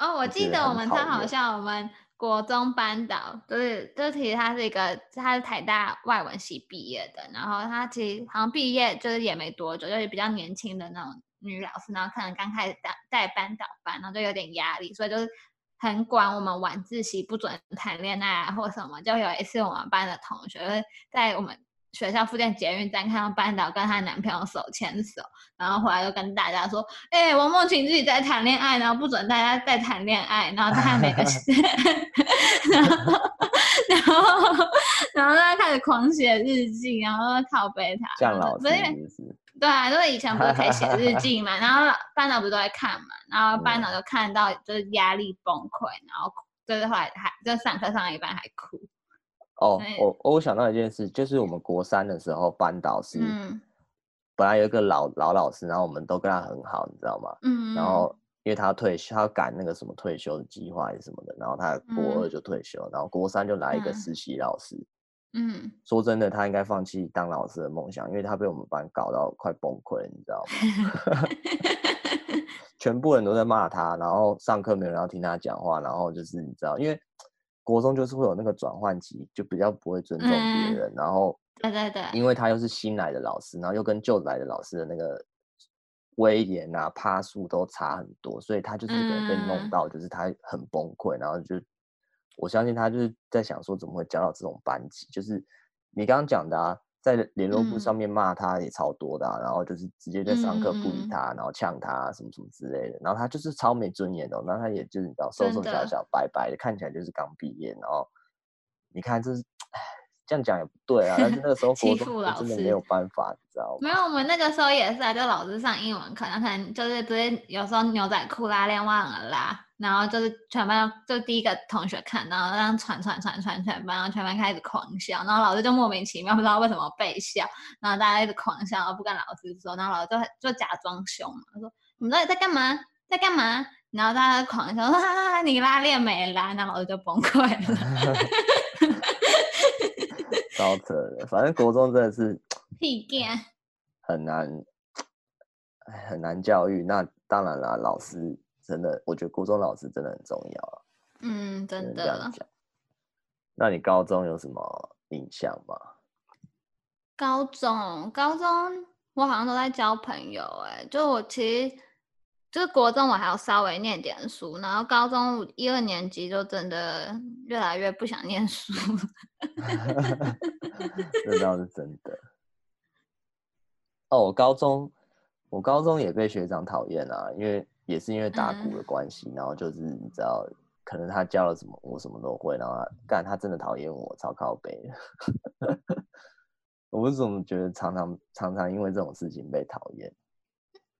哦，我記得我們他好像我們國中班導，是就是就是其實他是一個，他是台大外文系畢業的，然後他其實好像畢業就是也沒多久，就是比較年輕的那種女老師，然後可能剛開始帶帶班導班，然後就有點壓力，所以就是很管我們晚自習，不准談戀愛啊，或什麼，就有一次我們班的同學在、就是、我們。學校附近捷運站看到班導跟她男朋友手牽手，然後回來就跟大家說：“哎、欸，王夢琴自己在談戀愛，然後不准大家再談戀愛。”然後她還沒個寫，然後然後然後她開始狂寫日記，然後靠北她，這樣老師是是，對啊，因為、就是、以前不是可以寫日記嘛， 然後班導不都在看嘛，然後班導就看到就是壓力崩潰，然後就是後來還就上課上一半還哭。哦，我我想到一件事，就是我們國三的時候，班導師本來有一個老、嗯、老老師，然後我們都跟他很好，你知道嗎？嗯，嗯，然後因為他要退休，他要趕那個什麼退休的計劃什麼的，然後他國二就退休，嗯、然後國三就來一個實習老師。嗯，嗯說真的，他應該放棄當老師的夢想，因為他被我們班搞到快崩潰了，你知道嗎？ 全部人都在罵他，然後上課沒有人要聽他講話，然後就是你知道，因為。國中就是會有那個轉換期，就比較不會尊重別人，嗯、然後對對對，因為他又是新來的老師，嗯、對對，然後又跟舊來的老師的那個威嚴啊、趴數都差很多，所以他就是可能被弄到，就是他很崩潰，嗯、然後就我相信他就是在想說怎麼會教到這種班級，就是你剛剛講的啊。在聯絡簿上面罵他也超多的、啊，嗯、然後就是直接在上課不理他，嗯、然後嗆他什麼什麼之類的，然後他就是超沒尊嚴的，然後他也就是你知道瘦瘦的小小白白的，看起來就是剛畢業，然後你看這、就是、唉，這樣講也不對啊，但是那個時候 老師真的沒有辦法，你知道嗎？沒有，我們那個時候也是啊，就老師上英文課，他可能就是直接有時候牛仔褲拉、啊、鏈忘了拉。然後就是全班就第一個同學看，然後就這樣傳傳傳傳全班，然後全班開始狂笑，然後老師就莫名其妙不知道為什麼被笑，然後大家就一直狂笑而不跟老師說，然後老師就就假裝凶嘛，他說，你們到底在幹嘛在幹嘛？然後大家就狂笑，哈哈，你拉鏈沒拉，然後老師就崩潰了。好扯，反正國中真的是屁干，很難很難教育。那當然啦，老師。真的，我覺得國中老師真的很重要、啊。嗯，真的。那你高中有什麼印象嗎？高中，高中我好像都在交朋友、欸。哎，就我其實就是國中，我還要稍微念點書，然後高中一二年級就真的越來越不想念書。這倒 是真的。哦，我高中，我高中也被學長討厭啊，因為。也是因為打鼓的關係，嗯、然後就是你知道，可能他教了什麼，我什麼都會。然後幹，他真的討厭我，超靠北。 我為什麼覺得常常常常因為這種事情被討厭？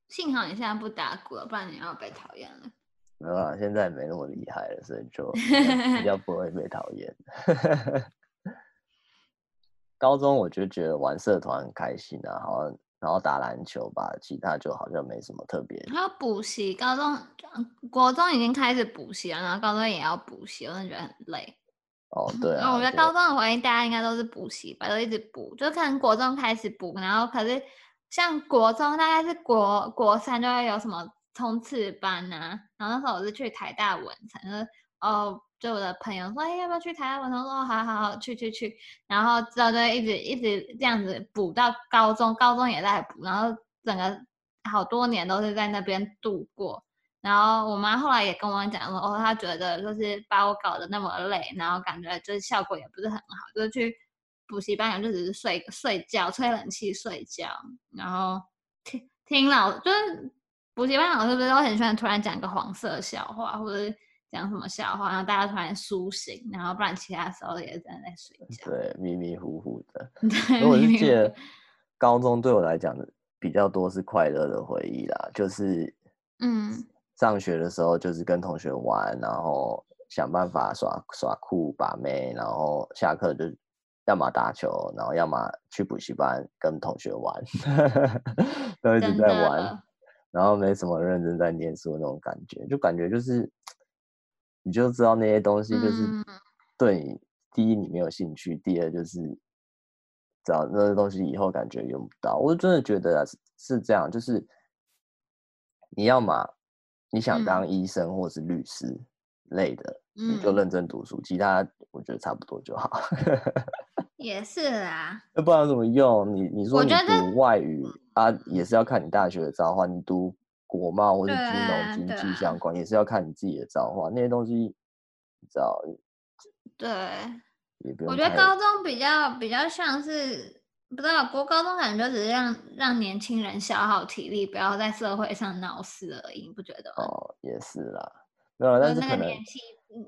幸好你現在不打鼓了，不然你要被討厭了。沒有啊，現在沒那麼厲害了，所以就比較不會被討厭。 高中我就覺得玩社團很開心啊，好像。然後打籃球吧，其他就好像沒什麼特別。還有補習，高中，國中已經開始補習了，然後高中也要補習，我真的覺得很累。哦，對啊。對，我覺得高中的回憶大家應該都是補習吧，都一直補，就可能國中開始補，然後可是像國中大概是國國三就會有什麼衝刺班啊，然後那時候我是去台大文成，就是哦。就我的朋友說，哎、欸，要不要去台灣？我說，好，好，好，去，去，去。然後之後就一直一直這樣子補到高中，高中也在補。然後整個好多年都是在那邊度過。然後我媽後來也跟我講說，哦，她覺得就是把我搞得那麼累，然後感覺就是效果也不是很好，就是去補習班上就只是睡睡覺、吹冷氣、睡覺，然後聽聽老就是補習班老師不是都很喜歡突然講一個黃色笑話或者是。講什麼笑話，然後大家突然蘇醒，然後不然其他時候也正在睡覺。對，迷迷糊糊的。對，我是覺得高中對我來講的比較多是快樂的回憶啦，就是嗯，上學的時候就是跟同學玩，嗯、然後想辦法耍耍酷把妹，然後下課就要嘛打球，然後要嘛去補習班跟同學玩， 都一直在玩，的然後沒什麼認真在念書那種感覺，就感覺就是。你就知道那些東西就是對你，嗯、第一你沒有興趣，第二就是，找那些東西以後感覺用不到。我真的覺得是，是這樣，就是你要嘛，你想當醫生或是律師類的，嗯、你就認真讀書，其他我覺得差不多就好。 也是啊，要不然怎麼用你？你說你讀外語啊，也是要看你大學的造化，你讀。國貿或者是金融經濟相關，啊、也是要看你自己的造化。那些東西，你知道？對，也不用，我覺得高中比較比較像是，不知道國高中感覺只是讓讓年輕人消耗體力，不要在社會上鬧事而已，不覺得嗎？哦，也是啦，沒有啦，但是可能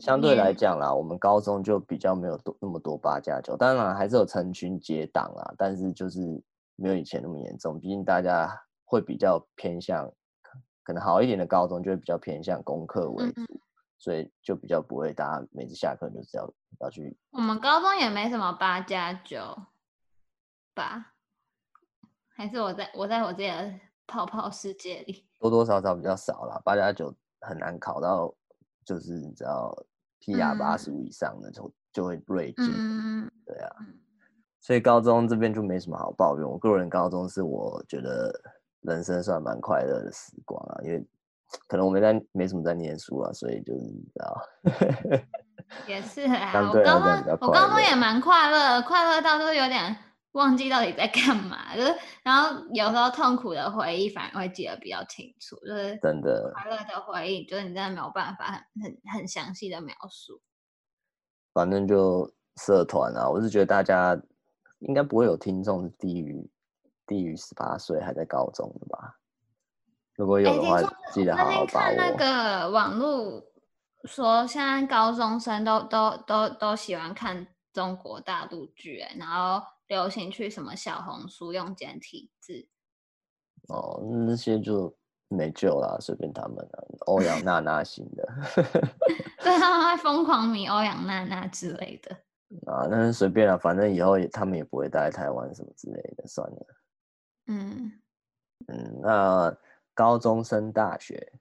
相對來講啦，我們高中就比較沒有多那麼多八加九，當然還是有成群結黨啊，但是就是沒有以前那麼嚴重，畢竟大家會比較偏向。可能好一點的高中就會比較偏向功課為主，嗯、所以就比較不會，大家每次下課就是要要去。我們高中也沒什麼八加九吧，還是我在我在我自己的泡泡世界裡，多多少少比較少啦。八加九很難考到，就是你知道 PR 八十五以上的就，嗯，就會銳減。對啊，所以高中這邊就沒什麼好抱怨。我個人高中是我覺得。人生算蠻快樂的時光啊，因為可能我沒在，沒什麼在念書啊，所以就是你知道，呵呵也是。對，我高中也蠻快樂，快樂到都有點忘記到底在幹嘛。就是然後有時候痛苦的回憶反而會記得比較清楚，就是真的。快樂的回憶，就是你真的沒有辦法很很詳細的描述。反正就社團啊，我是覺得大家應該不會有聽眾低於低於十八歲還在高中的吧？如果有的話，欸、的記得好好把握。那天看那個網絡，說現在高中生都都都都喜歡看中國大陸劇、欸，然後流行去什麼小紅書用簡體字。哦，那些就沒救了、啊，隨便他們了、啊。歐陽娜娜型的，對，他們會瘋狂迷歐陽娜娜之類的。啊，那是隨便了、啊，反正以後也他們也不會待在台灣什麼之類的，算了。嗯嗯，那、呃、高中升大學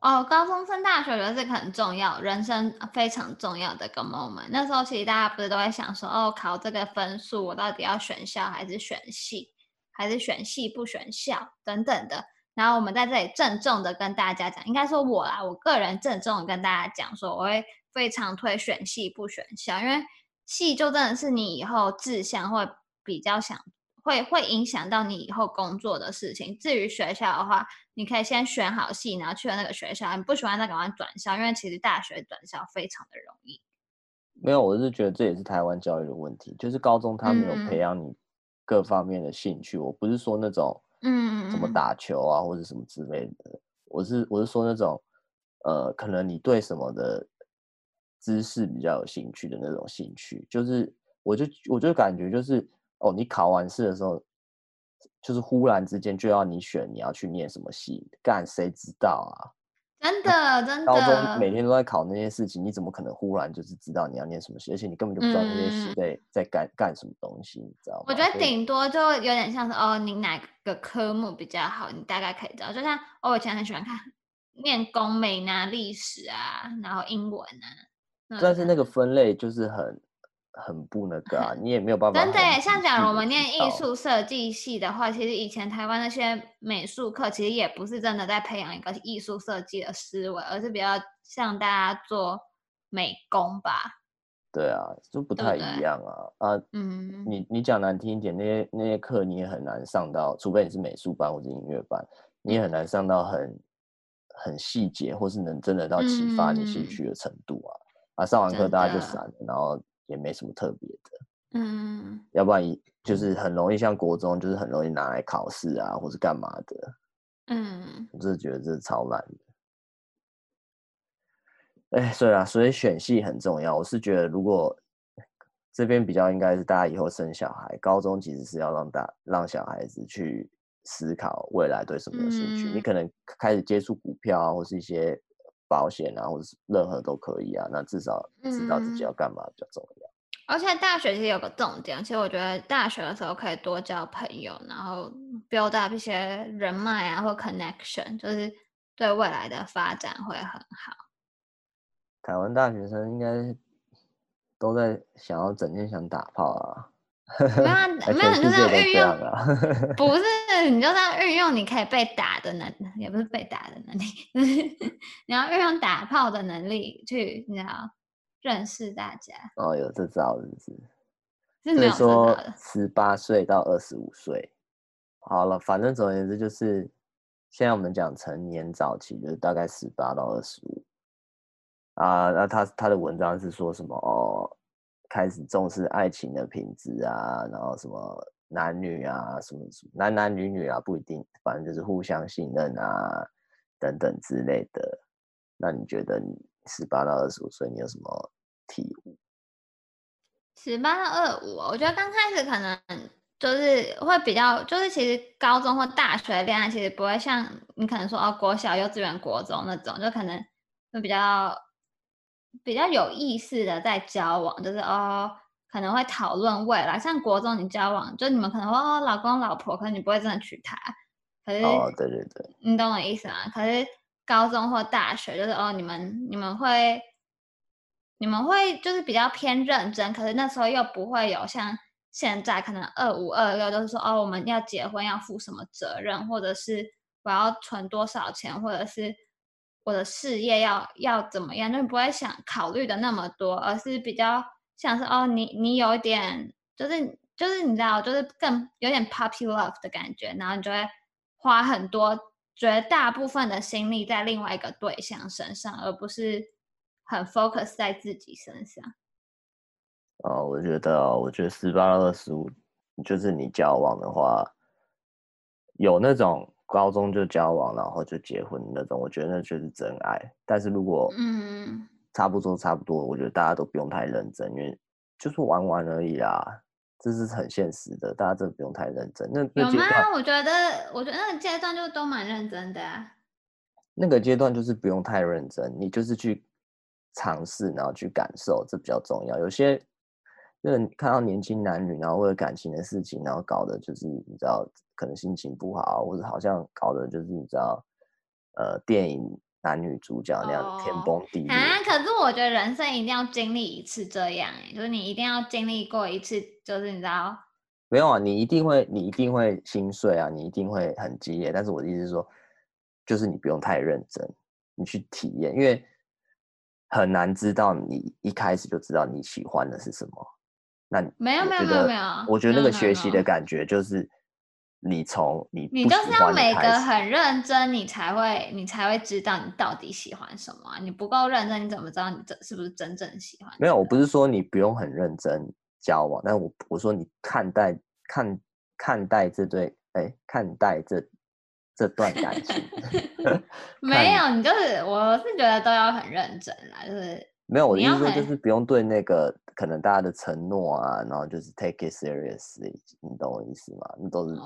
哦，高中升大學這是個很重要，人生非常重要的一個 moment。那時候其實大家不是都會想說，哦，考這個分數，我到底要選校還是選系，還是選系不選校等等的。然後我們在這裡鄭重的跟大家講，應該說我啦，我個人鄭重的跟大家講說，我會非常推選系不選校，因為系就真的是你以後志向會。比較想會會影響到你以後工作的事情。至於學校的話，你可以先選好系，然後去了那個學校。你不喜歡再趕快轉校，因為其實大學轉校非常的容易。沒有，我是覺得這也是台灣教育的問題，就是高中他沒有培養你各方面的興趣。嗯、我不是說那種嗯，怎麼打球啊，或者什麼之類的。我是我是說那種呃，可能你對什麼的知識比較有興趣的那種興趣。就是我就我就感覺就是。哦，你考完試的時候，就是忽然之間就要你選你要去念什麼系，幹誰知道啊？真的，真的。高中每天都在考那些事情，你怎麼可能忽然就是知道你要念什麼系？而且你根本就不知道那些系在在幹、嗯、幹什麼東西，你知道嗎？我覺得頂多就有點像是哦，你哪個科目比較好，你大概可以知道。就像哦，我以前很喜歡看念工美啊、歷史啊，然後英文啊。但是那個分類就是很。很不那個、啊，你也沒有辦法、嗯。真的像講如我們念藝術設計系的話，其實以前台灣那些美術課，其實也不是真的在培養一個藝術設計的思維，而是比較像大家做美工吧。對啊，就不太對不對一樣啊。啊，嗯，你你講難聽一點，那些那些課你也很難上到，除非你是美術班或者音樂班，你也很難上到很很細節，或是能真的到啟發你興趣的程度啊。嗯、啊，上完課大家就散了，的然後，也沒什麼特別的，嗯，要不然就是很容易像國中，就是很容易拿來考試啊，或是幹嘛的，嗯，我是覺得這是超難的，哎，所以啦，所以選系很重要。我是覺得如果這邊比較應該是大家以後生小孩，高中其實是要讓大讓小孩子去思考未來對什麼有興趣，嗯，你可能開始接觸股票啊，或是一些。保險啊，或者是任何都可以啊。那至少知道自己要幹嘛比較重要。嗯。而且大學其實有個重點，其實我覺得大學的時候可以多交朋友，然後 build up 一些人脈啊，或 connection，就是對未來的發展會很好。台灣大學生應該都在想要整天想打炮啊。沒有，沒有，你就是要運用，不是，你就是要運用你可以被打的能力，也不是被打的能力， 你要運用打炮的能力去，你知道，認識大家。哦，有這招，是不是？就是說，十八歲到二十五歲，好了，反正總而言之就是，現在我們講成年早期，就是大概十八到二十五。啊、呃，那他他的文章是說什麼？哦。開始重視愛情的品質啊，然後什麼男女啊，什麼男男女女啊，不一定，反正就是互相信任啊，等等之類的。那你覺得你十八到二十五歲，你有什麼體悟？十八到二十五，我覺得剛開始可能就是會比較，就是其實高中或大學戀愛，其實不會像你可能說哦，國小、幼稚園、國中那種，就可能會比較。比較有意思的在交往，就是哦，可能會討論未來。像國中你交往，就你們可能會哦，老公老婆，可能你不會真的娶她。可是哦，對對對。你懂我的意思嗎？可是高中或大學，就是哦，你們你們會，你們會就是比較偏認真。可是那時候又不會有像現在可能二五二六就是說哦，我們要結婚要負什麼責任，或者是我要存多少錢，或者是。我的事業要要怎麼樣？就是不會想考慮的那麼多，而是比較像是哦，你你有點就是就是你知道，就是更有點 puppy love 的感覺，然後你就會花很多絕大部分的心力在另外一個對象身上，而不是很 focus 在自己身上。哦，我覺得、哦，我覺得十八到二十五，就是你交往的話，有那種，高中就交往，然後就結婚那種，我覺得那就是真愛。但是如果嗯，差不多差不多，嗯、我覺得大家都不用太認真，因為就是玩玩而已啦，這是很現實的，大家真的不用太認真。那，那有嗎？我覺得，我覺得那個階段就都蠻認真的，啊。那個階段就是不用太認真，你就是去嘗試，然後去感受，這比較重要。有些，呃、就是，看到年輕男女，然後為了感情的事情，然後搞得就是你知道。可能心情不好，或者好像搞的，就是你知道，呃，電影男女主角那樣天崩地裂啊。可是我覺得人生一定要經歷一次這樣，就是你一定要經歷過一次，就是你知道，沒有啊，你一定會你一定會心碎啊，你一定會很激烈，但是我的意思是說，就是你不用太認真，你去體驗，因為很難知道你一開始就知道你喜歡的是什麼。那沒有沒有沒有沒有，我覺得那個學習的感覺就是。你從你你就是要每個很認真，始你才會你才會知道你到底喜歡什麼。你不夠認真，你怎麼知道你這是不是真正喜歡？沒有，我不是說你不用很認真交往，但我我說你看待看看待這對哎、欸，看待這這段感情， 看沒有，你就是我是覺得都要很認真啦，就是。沒有，我的意思是說就是不用對那個可能大家的承諾啊，然後就是 take it seriously，你懂我意思嗎？那都是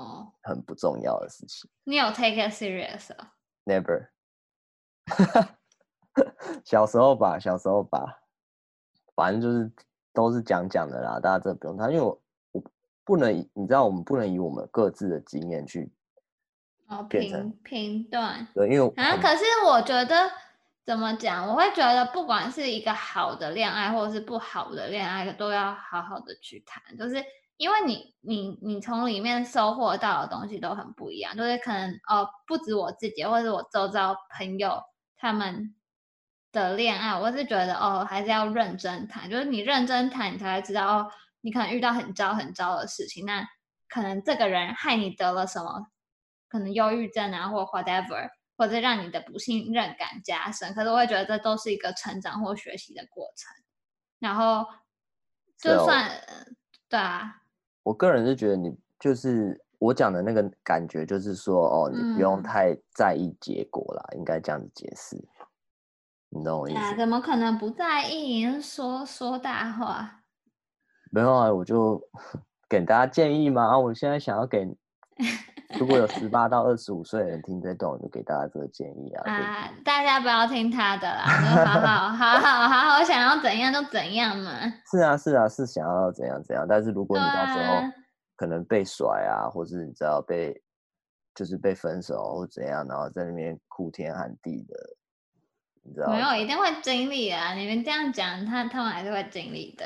很不重要的事情。你有 take it seriously？Never、哦。Never. 小時候吧，小時候吧，反正就是都是講講的啦，大家真的不用他，因為我我不能以，你知道我們不能以我們各自的經驗去啊評評斷。哦、對，因為啊，可是我覺得。怎麼講？我會覺得，不管是一個好的戀愛，或者是不好的戀愛，都要好好的去談。就是因為你，你，你從裡面收穫到的東西都很不一樣。就是可能，哦，不止我自己，或者我周遭朋友他們的戀愛，我是覺得，哦，還是要認真談。就是你認真談，你才會知道，哦，你可能遇到很糟很糟的事情。那可能這個人害你得了什麼，可能憂鬱症啊，或 whatever。或者讓你的不信任感加深，可是我會覺得這都是一個成長或學習的過程。然後，就算對、哦呃，對啊。我個人是覺得你就是我講的那個感覺，就是說哦，你不用太在意結果啦。嗯、應該這樣子解釋。你懂我意思？怎麼可能不在意？說說大話。沒有啊，我就給大家建議嘛。我現在想要給。 如果有十八到二十五歲的人聽這段，我就給大家這個建議啊，啊！大家不要聽他的啦，好好，好好好 好，好，好好，我想要怎樣就怎樣嘛。是啊是啊，是想要怎樣怎樣，但是如果你到時候可能被甩啊，或是你知道被就是被分手或怎樣，然後在那邊哭天喊地的，沒有一定會經歷啊，你們這樣講，他他們還是會經歷的。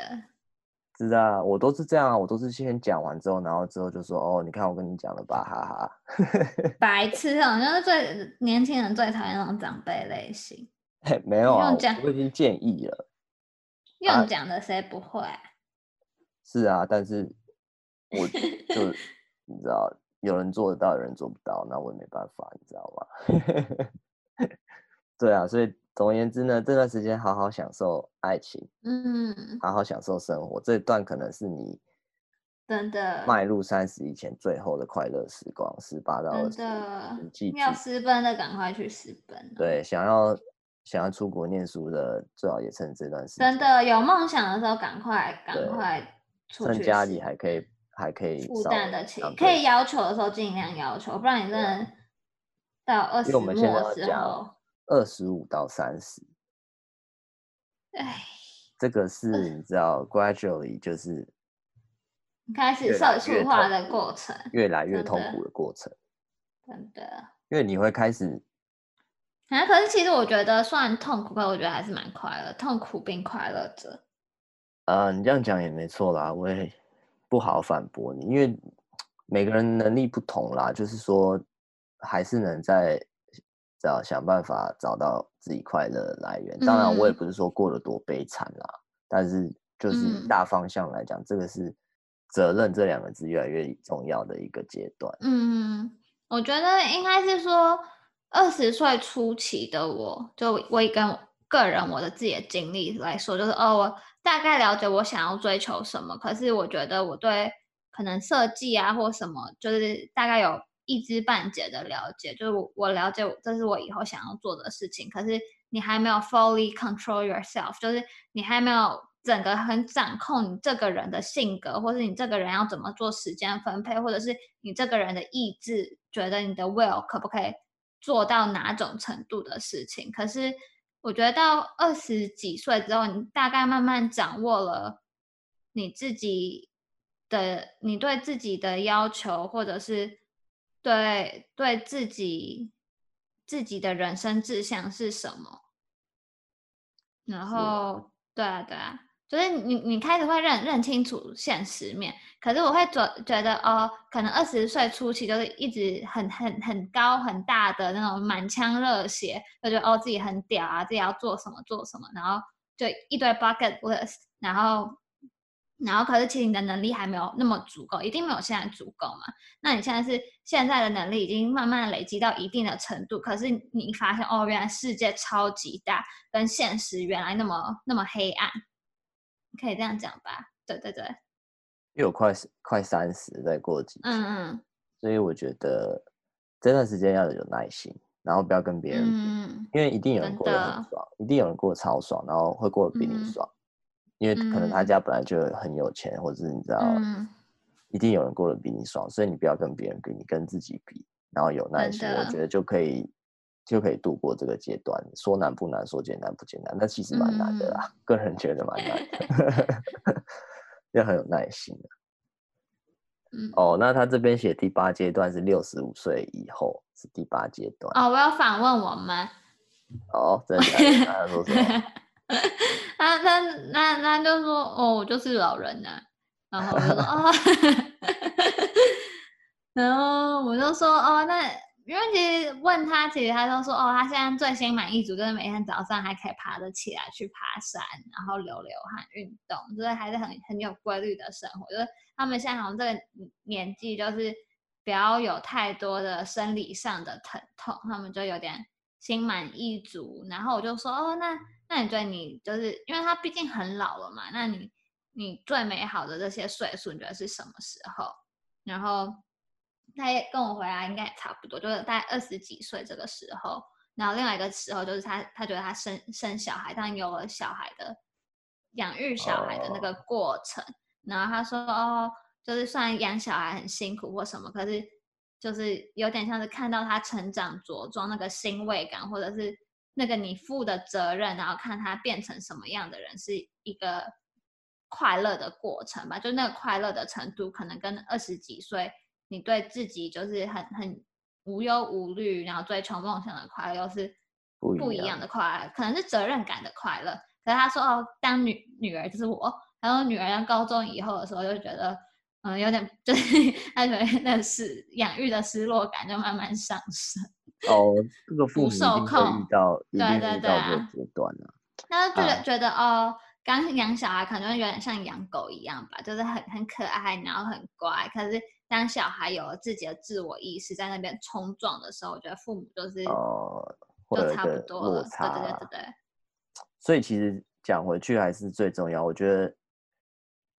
是啊，我都是這樣啊，我都是先講完之後，然後之後就說，哦，你看我跟你講了吧，哈哈。 白痴哦、喔，就是最年輕人最討厭那種長輩類型。嘿，沒有、啊，講我已經建議了。用講的誰不會、啊啊？是啊，但是我就你知道，有人做得到，有人做不到，那我也沒辦法，你知道吧？ 對啊，所以。總而言之呢，這段時間好好享受愛情，嗯，好好享受生活。這段可能是你真的邁入三十以前最後的快樂時光，十八到二十。真的，要私奔的趕快去私奔。對，想要想要出國唸書的，最好也趁這段時間。真的，有夢想的時候趕快趕快趁家裡還可以還可以負擔得起，啊、可以要求的時候儘量要求，不然你真的到二十末的時候。二十五到三十，哎唉，這個是你知道、呃、，gradually 就是越越你開始社畜化的過程，越來越痛苦的過程，真的，真的，因為你會開始啊。可是其實我覺得算痛苦，可我覺得還是蠻快樂，痛苦並快樂着。嗯、呃，你這樣講也沒錯啦，我也不好反駁你，因為每個人能力不同啦，就是說還是能在。只要想辦法找到自己快樂的來源。當然，我也不是說過得多悲慘啦、啊，嗯、但是就是大方向來講，嗯、這個是責任這兩個字越來越重要的一個階段。嗯，我覺得應該是說二十歲初期的我，就我，我跟個人我的自己的經歷來說，就是哦，我大概了解我想要追求什麼。可是我覺得我對可能設計啊或什麼，就是大概有。一知半解的了解，就是我了解，這是我以後想要做的事情。可是你還沒有 fully control yourself，就是你還沒有整個很掌控你這個人的性格，或是你這個人要怎麼做時間分配，或者是你這個人的意志，覺得你的 will 可不可以做到哪種程度的事情。可是我覺得到二十幾歲之後，你大概慢慢掌握了你自己的，你對自己的要求，或者是。對，對自己自己的人生志向是什麼？然後，是對啊，對啊，就是你，你開始會認認清楚現實面。可是我會覺覺得哦，可能二十歲初期就是一直很很很高很大的那種滿腔熱血，就覺得哦自己很屌啊，自己要做什麼做什麼，然後就一堆 bucket list，然後。然後，可是其實你的能力還沒有那麼足夠，一定沒有現在足夠嘛。那你現在是現在的能力已經慢慢累積到一定的程度，可是你發現哦，原來世界超級大，跟現實原來那麼那麼黑暗，可以這樣講吧？對對對。因為我快快三十，再過幾天，嗯，嗯所以我覺得這段時間要有耐心，然後不要跟別人比，比、嗯、因為一定有人過得很爽，的一定有人過得超爽，然後會過得比你爽。嗯因為可能他家本來就很有錢，嗯、或者是你知道，嗯、一定有人過得比你爽，所以你不要跟別人比，你跟自己比，然後有耐心，的我覺得就可以就可以度過這個階段。說難不難，說簡單不簡單，那其實蠻難的啦，嗯、個人覺得蠻難，的，要 很有耐心、嗯、哦，那他這邊寫第八階段是六十五歲以後是第八階段哦，我要反問我們。哦，真的？大家說說 那那那那就說哦，我就是老人吶。然後我就說哦，然後我就說哦，那因為其實問他，其實他就說，說哦，他現在最心滿意足，就是每天早上還可以爬得起來去爬山，然後流流汗運動，就是還是很很有規律的生活。就是他們現在好像這個年紀，就是不要有太多的生理上的疼痛，他們就有點心滿意足。然後我就說哦，那。那你對你就是因為他畢竟很老了嘛？那你你最美好的這些歲數，你覺得是什麼時候？然後他也跟我回來應該也差不多，就是大概二十幾歲這個時候。然後另外一個時候就是他他覺得他生生小孩，他有了小孩的養育小孩的那個過程。Oh. 然後他說哦，就是雖然養小孩很辛苦或什麼，可是就是有點像是看到他成長茁壯那個欣慰感，或者是。那個你負的責任，然後看他變成什麼樣的人，是一個快樂的過程吧？就那個快樂的程度，可能跟二十幾歲你對自己就是很很無憂無慮，然後追求夢想的快樂，又是不一樣的快樂，可能是責任感的快樂。可是他說哦，當女女兒就是我，然後女兒高中以後的時候，就覺得嗯，有點就是，覺得那對那是養育的失落感就慢慢上升。哦，這個父母一定會遇到，遇到對，對，對、啊。一定會遇到這個階段是、啊、覺得覺得、嗯、哦，剛，剛養小孩可能有點像養狗一樣吧，就是很很可愛，然後很乖。可是當小孩有了自己的自我意識，在那邊衝撞的時候，我覺得父母就是哦，就差不多了，了對，對對對。所以其實講回去還是最重要，我覺得。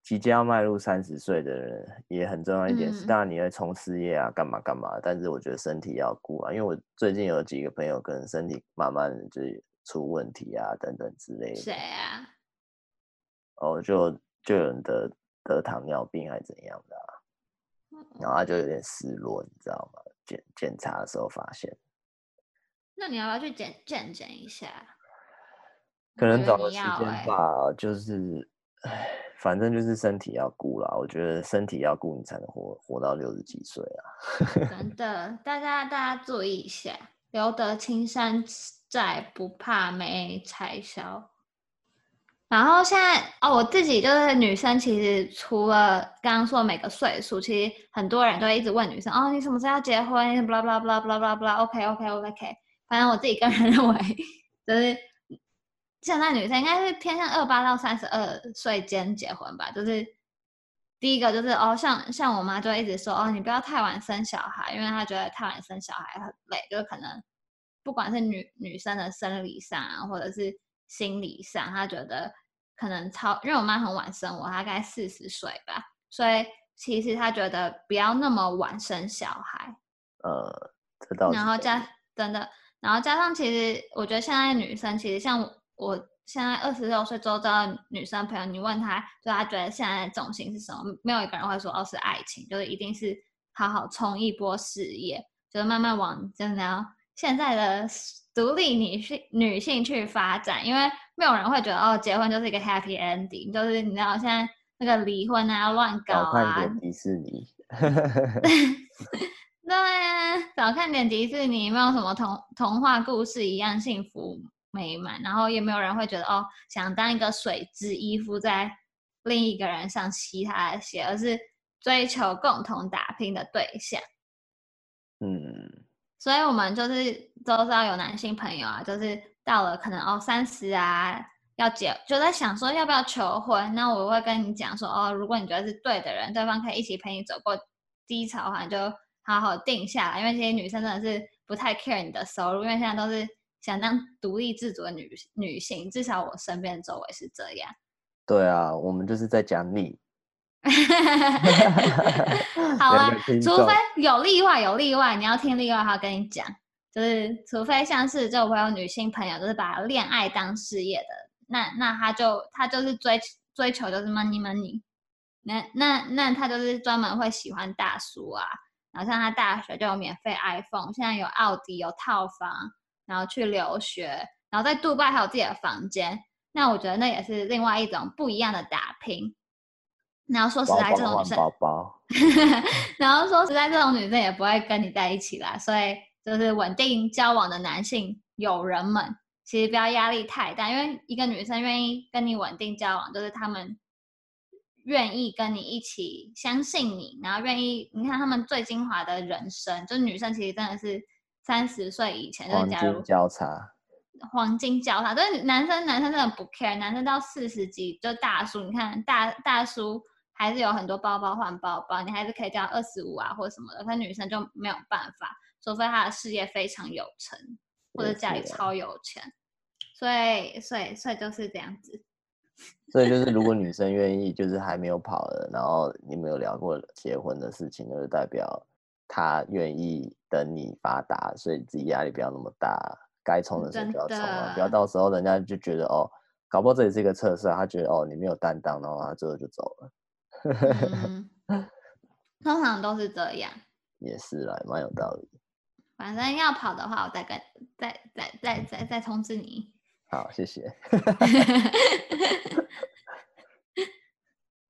即將要邁入三十歲的人也很重要一點是，嗯、當然你會從事業啊，幹嘛幹嘛，但是我覺得身體要顧啊，因為我最近有幾個朋友，可能身體慢慢就是出問題啊，等等之類的。誰啊？哦，就就有人得得糖尿病還是怎樣的、啊，嗯、然後他就有點失落，你知道嗎？檢檢查的時候發現。那你要不要去檢檢檢一下？可能找個時間吧，欸、就是。唉，反正就是身體要顧啦，我覺得身體要顧，你才能活活到六十幾歲啊。 真的，大家大家注意一下，留得青山在，不怕沒柴燒。然後現在哦，我自己就是女生，其實除了剛剛說的每個歲數，其實很多人都會一直問女生，哦，你什麼時候要結婚？blah blah blah blah blah blah，OK OK OK。反正我自己個人認為，就是。現在女生應該是偏向二八到三十二歲間結婚吧，就是第一個就是哦，像像我媽就一直說哦，你不要太晚生小孩，因為她覺得太晚生小孩很累，就可能不管是女女生的生理上啊，或者是心理上，她覺得可能超，因為我媽很晚生我，大概四十歲吧，所以其實她覺得不要那麼晚生小孩。呃，這倒是，然後加，等等，然後加上其實我覺得現在女生其實像我。我現在二十六歲，周遭的女生朋友，你問她，就她覺得現在的重心是什麼？沒有一個人會說哦，是愛情，就是一定是好好衝一波事業，就是慢慢往真的要現在的獨立女性女性去發展，因為沒有人會覺得哦，結婚就是一個 happy ending，就是你知道現在那個離婚啊，亂搞啊。早看點迪士尼。 對啊，少看點迪士尼，沒有什麼童童話故事一樣幸福。美滿，然後也沒有人會覺得哦，想當一個水蛭依附在另一個人上吸他的血，而是追求共同打拼的對象。嗯，所以，我們就是周遭有男性朋友啊，就是到了可能哦三十啊要結，就在想說要不要求婚。那我會跟你講說哦，如果你覺得是對的人，對方可以一起陪你走過低潮，的話你就好好定下來。因為這些女生真的是不太 care 你的收入，因為現在都是。想當獨立自主的女女性，至少我身邊周圍是這樣。對啊，我們就是在講你。 好啊，除非有例外，有例外，你要聽例外，他跟你講，就是除非像是就我朋友女性朋友，就是把戀愛當事業的，那那他就他就是追追求就是 money money，那那那他就是專門會喜歡大叔啊，然後像他大學就有免費 iPhone，現在有奧迪，有套房。然後去留學，然後在杜拜還有自己的房間，那我覺得那也是另外一種不一樣的打拼。然後說實在這種女生，然後說實在這種女生也不會跟你在一起啦，所以就是穩定交往的男性友人們，其實不要壓力太大，因為一個女生願意跟你穩定交往，就是他們願意跟你一起相信你，然後願意你看他們最精華的人生，就女生其實真的是。三十歲以前就加入交叉，黃金交叉，但是男生男生真的不 care，男生到四十幾，就大叔，你看大大叔還是有很多包包換包包，你還是可以交二十五啊或什麼的，但是女生就沒有辦法，除非他的事業非常有成，或者家裡超有錢。所以所以所以就是這樣子，所以就是如果女生願意， 就是還沒有跑的，然後你們有聊過結婚的事情，就是代表她願意。等你發達，所以自己壓力不要那麼大，該衝的時候就要衝啊，的不要到時候人家就覺得哦，搞不好這也是一個測試，他覺得哦，你沒有擔當，然後他最後就走了、 嗯。通常都是這樣。也是啊，蠻有道理。反正要跑的話，我再跟再再再再再通知你。好，謝謝。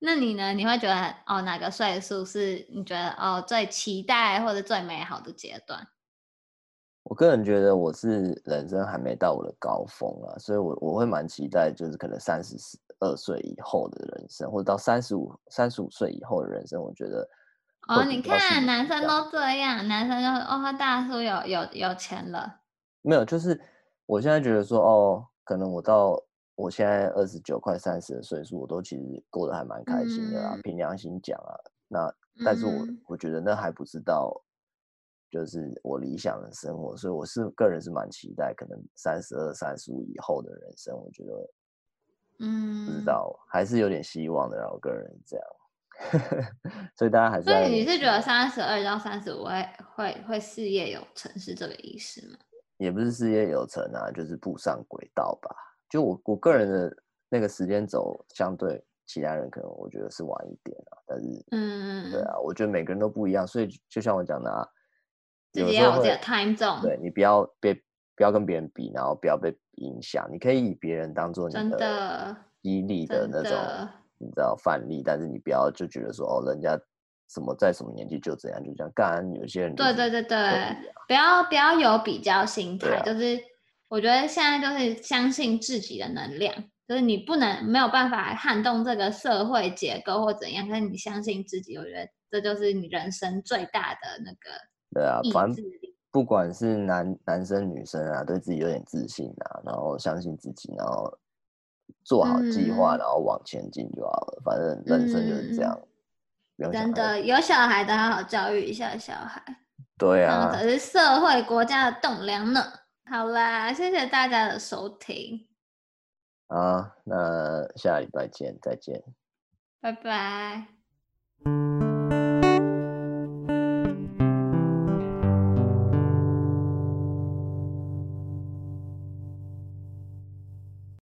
那你呢？你會覺得哦，哪個歲數是你覺得哦，最期待或者最美好的階段？我個人覺得我是人生還沒到我的高峰啊，所以我我會蠻期待，就是可能三十四二歲以後的人生，或者到三十五三十五歲以後的人生，我覺得。哦，你看，男生都這樣，男生就哦，大叔有有有錢了。沒有，就是我現在覺得說哦，可能我到。我現在二十九快三十的歲數，我都其實過得還蠻開心的啦，啊，嗯，憑良心講啊。那但是我我覺得那還不知道，就是我理想的生活，所以我是個人是蠻期待可能三十二、三十五以後的人生，我覺得，嗯，不知道還是有點希望的。然後個人這樣， 所以大家還是。所以你是覺得三十二到三十五會會會事業有成是這個意思嗎？也不是事業有成啊，就是步上軌道吧。就我我個人的那個時間走，相對其他人可能我覺得是晚一點啊，但是，嗯對啊，我覺得每個人都不一樣，所以就像我講的啊，自己有自己的 time zone，對，你不要別不要跟別人比，然後不要被影響，你可以以別人當做你的，力的那種的的你知道範例，但是你不要就覺得說哦，人家什麼在什麼年紀就怎樣，就這樣幹、啊，有些人、啊、對對對對，不要不要有比較心態，啊、就是。我覺得現在就是相信自己的能量，就是你不能沒有辦法撼動這個社會結構或怎樣，但是你相信自己，我覺得這就是你人生最大的那個。對啊，反正不管是男男生女生啊，對自己有點自信啊，然後相信自己，然後做好計劃，然後往前進就好了。嗯，反正人生就是這樣，嗯，真的有小孩，都要好教育一下小孩，對啊，可是社會國家的棟梁呢。好啦，謝謝大家的收聽。好，那下禮拜見，再見，拜拜。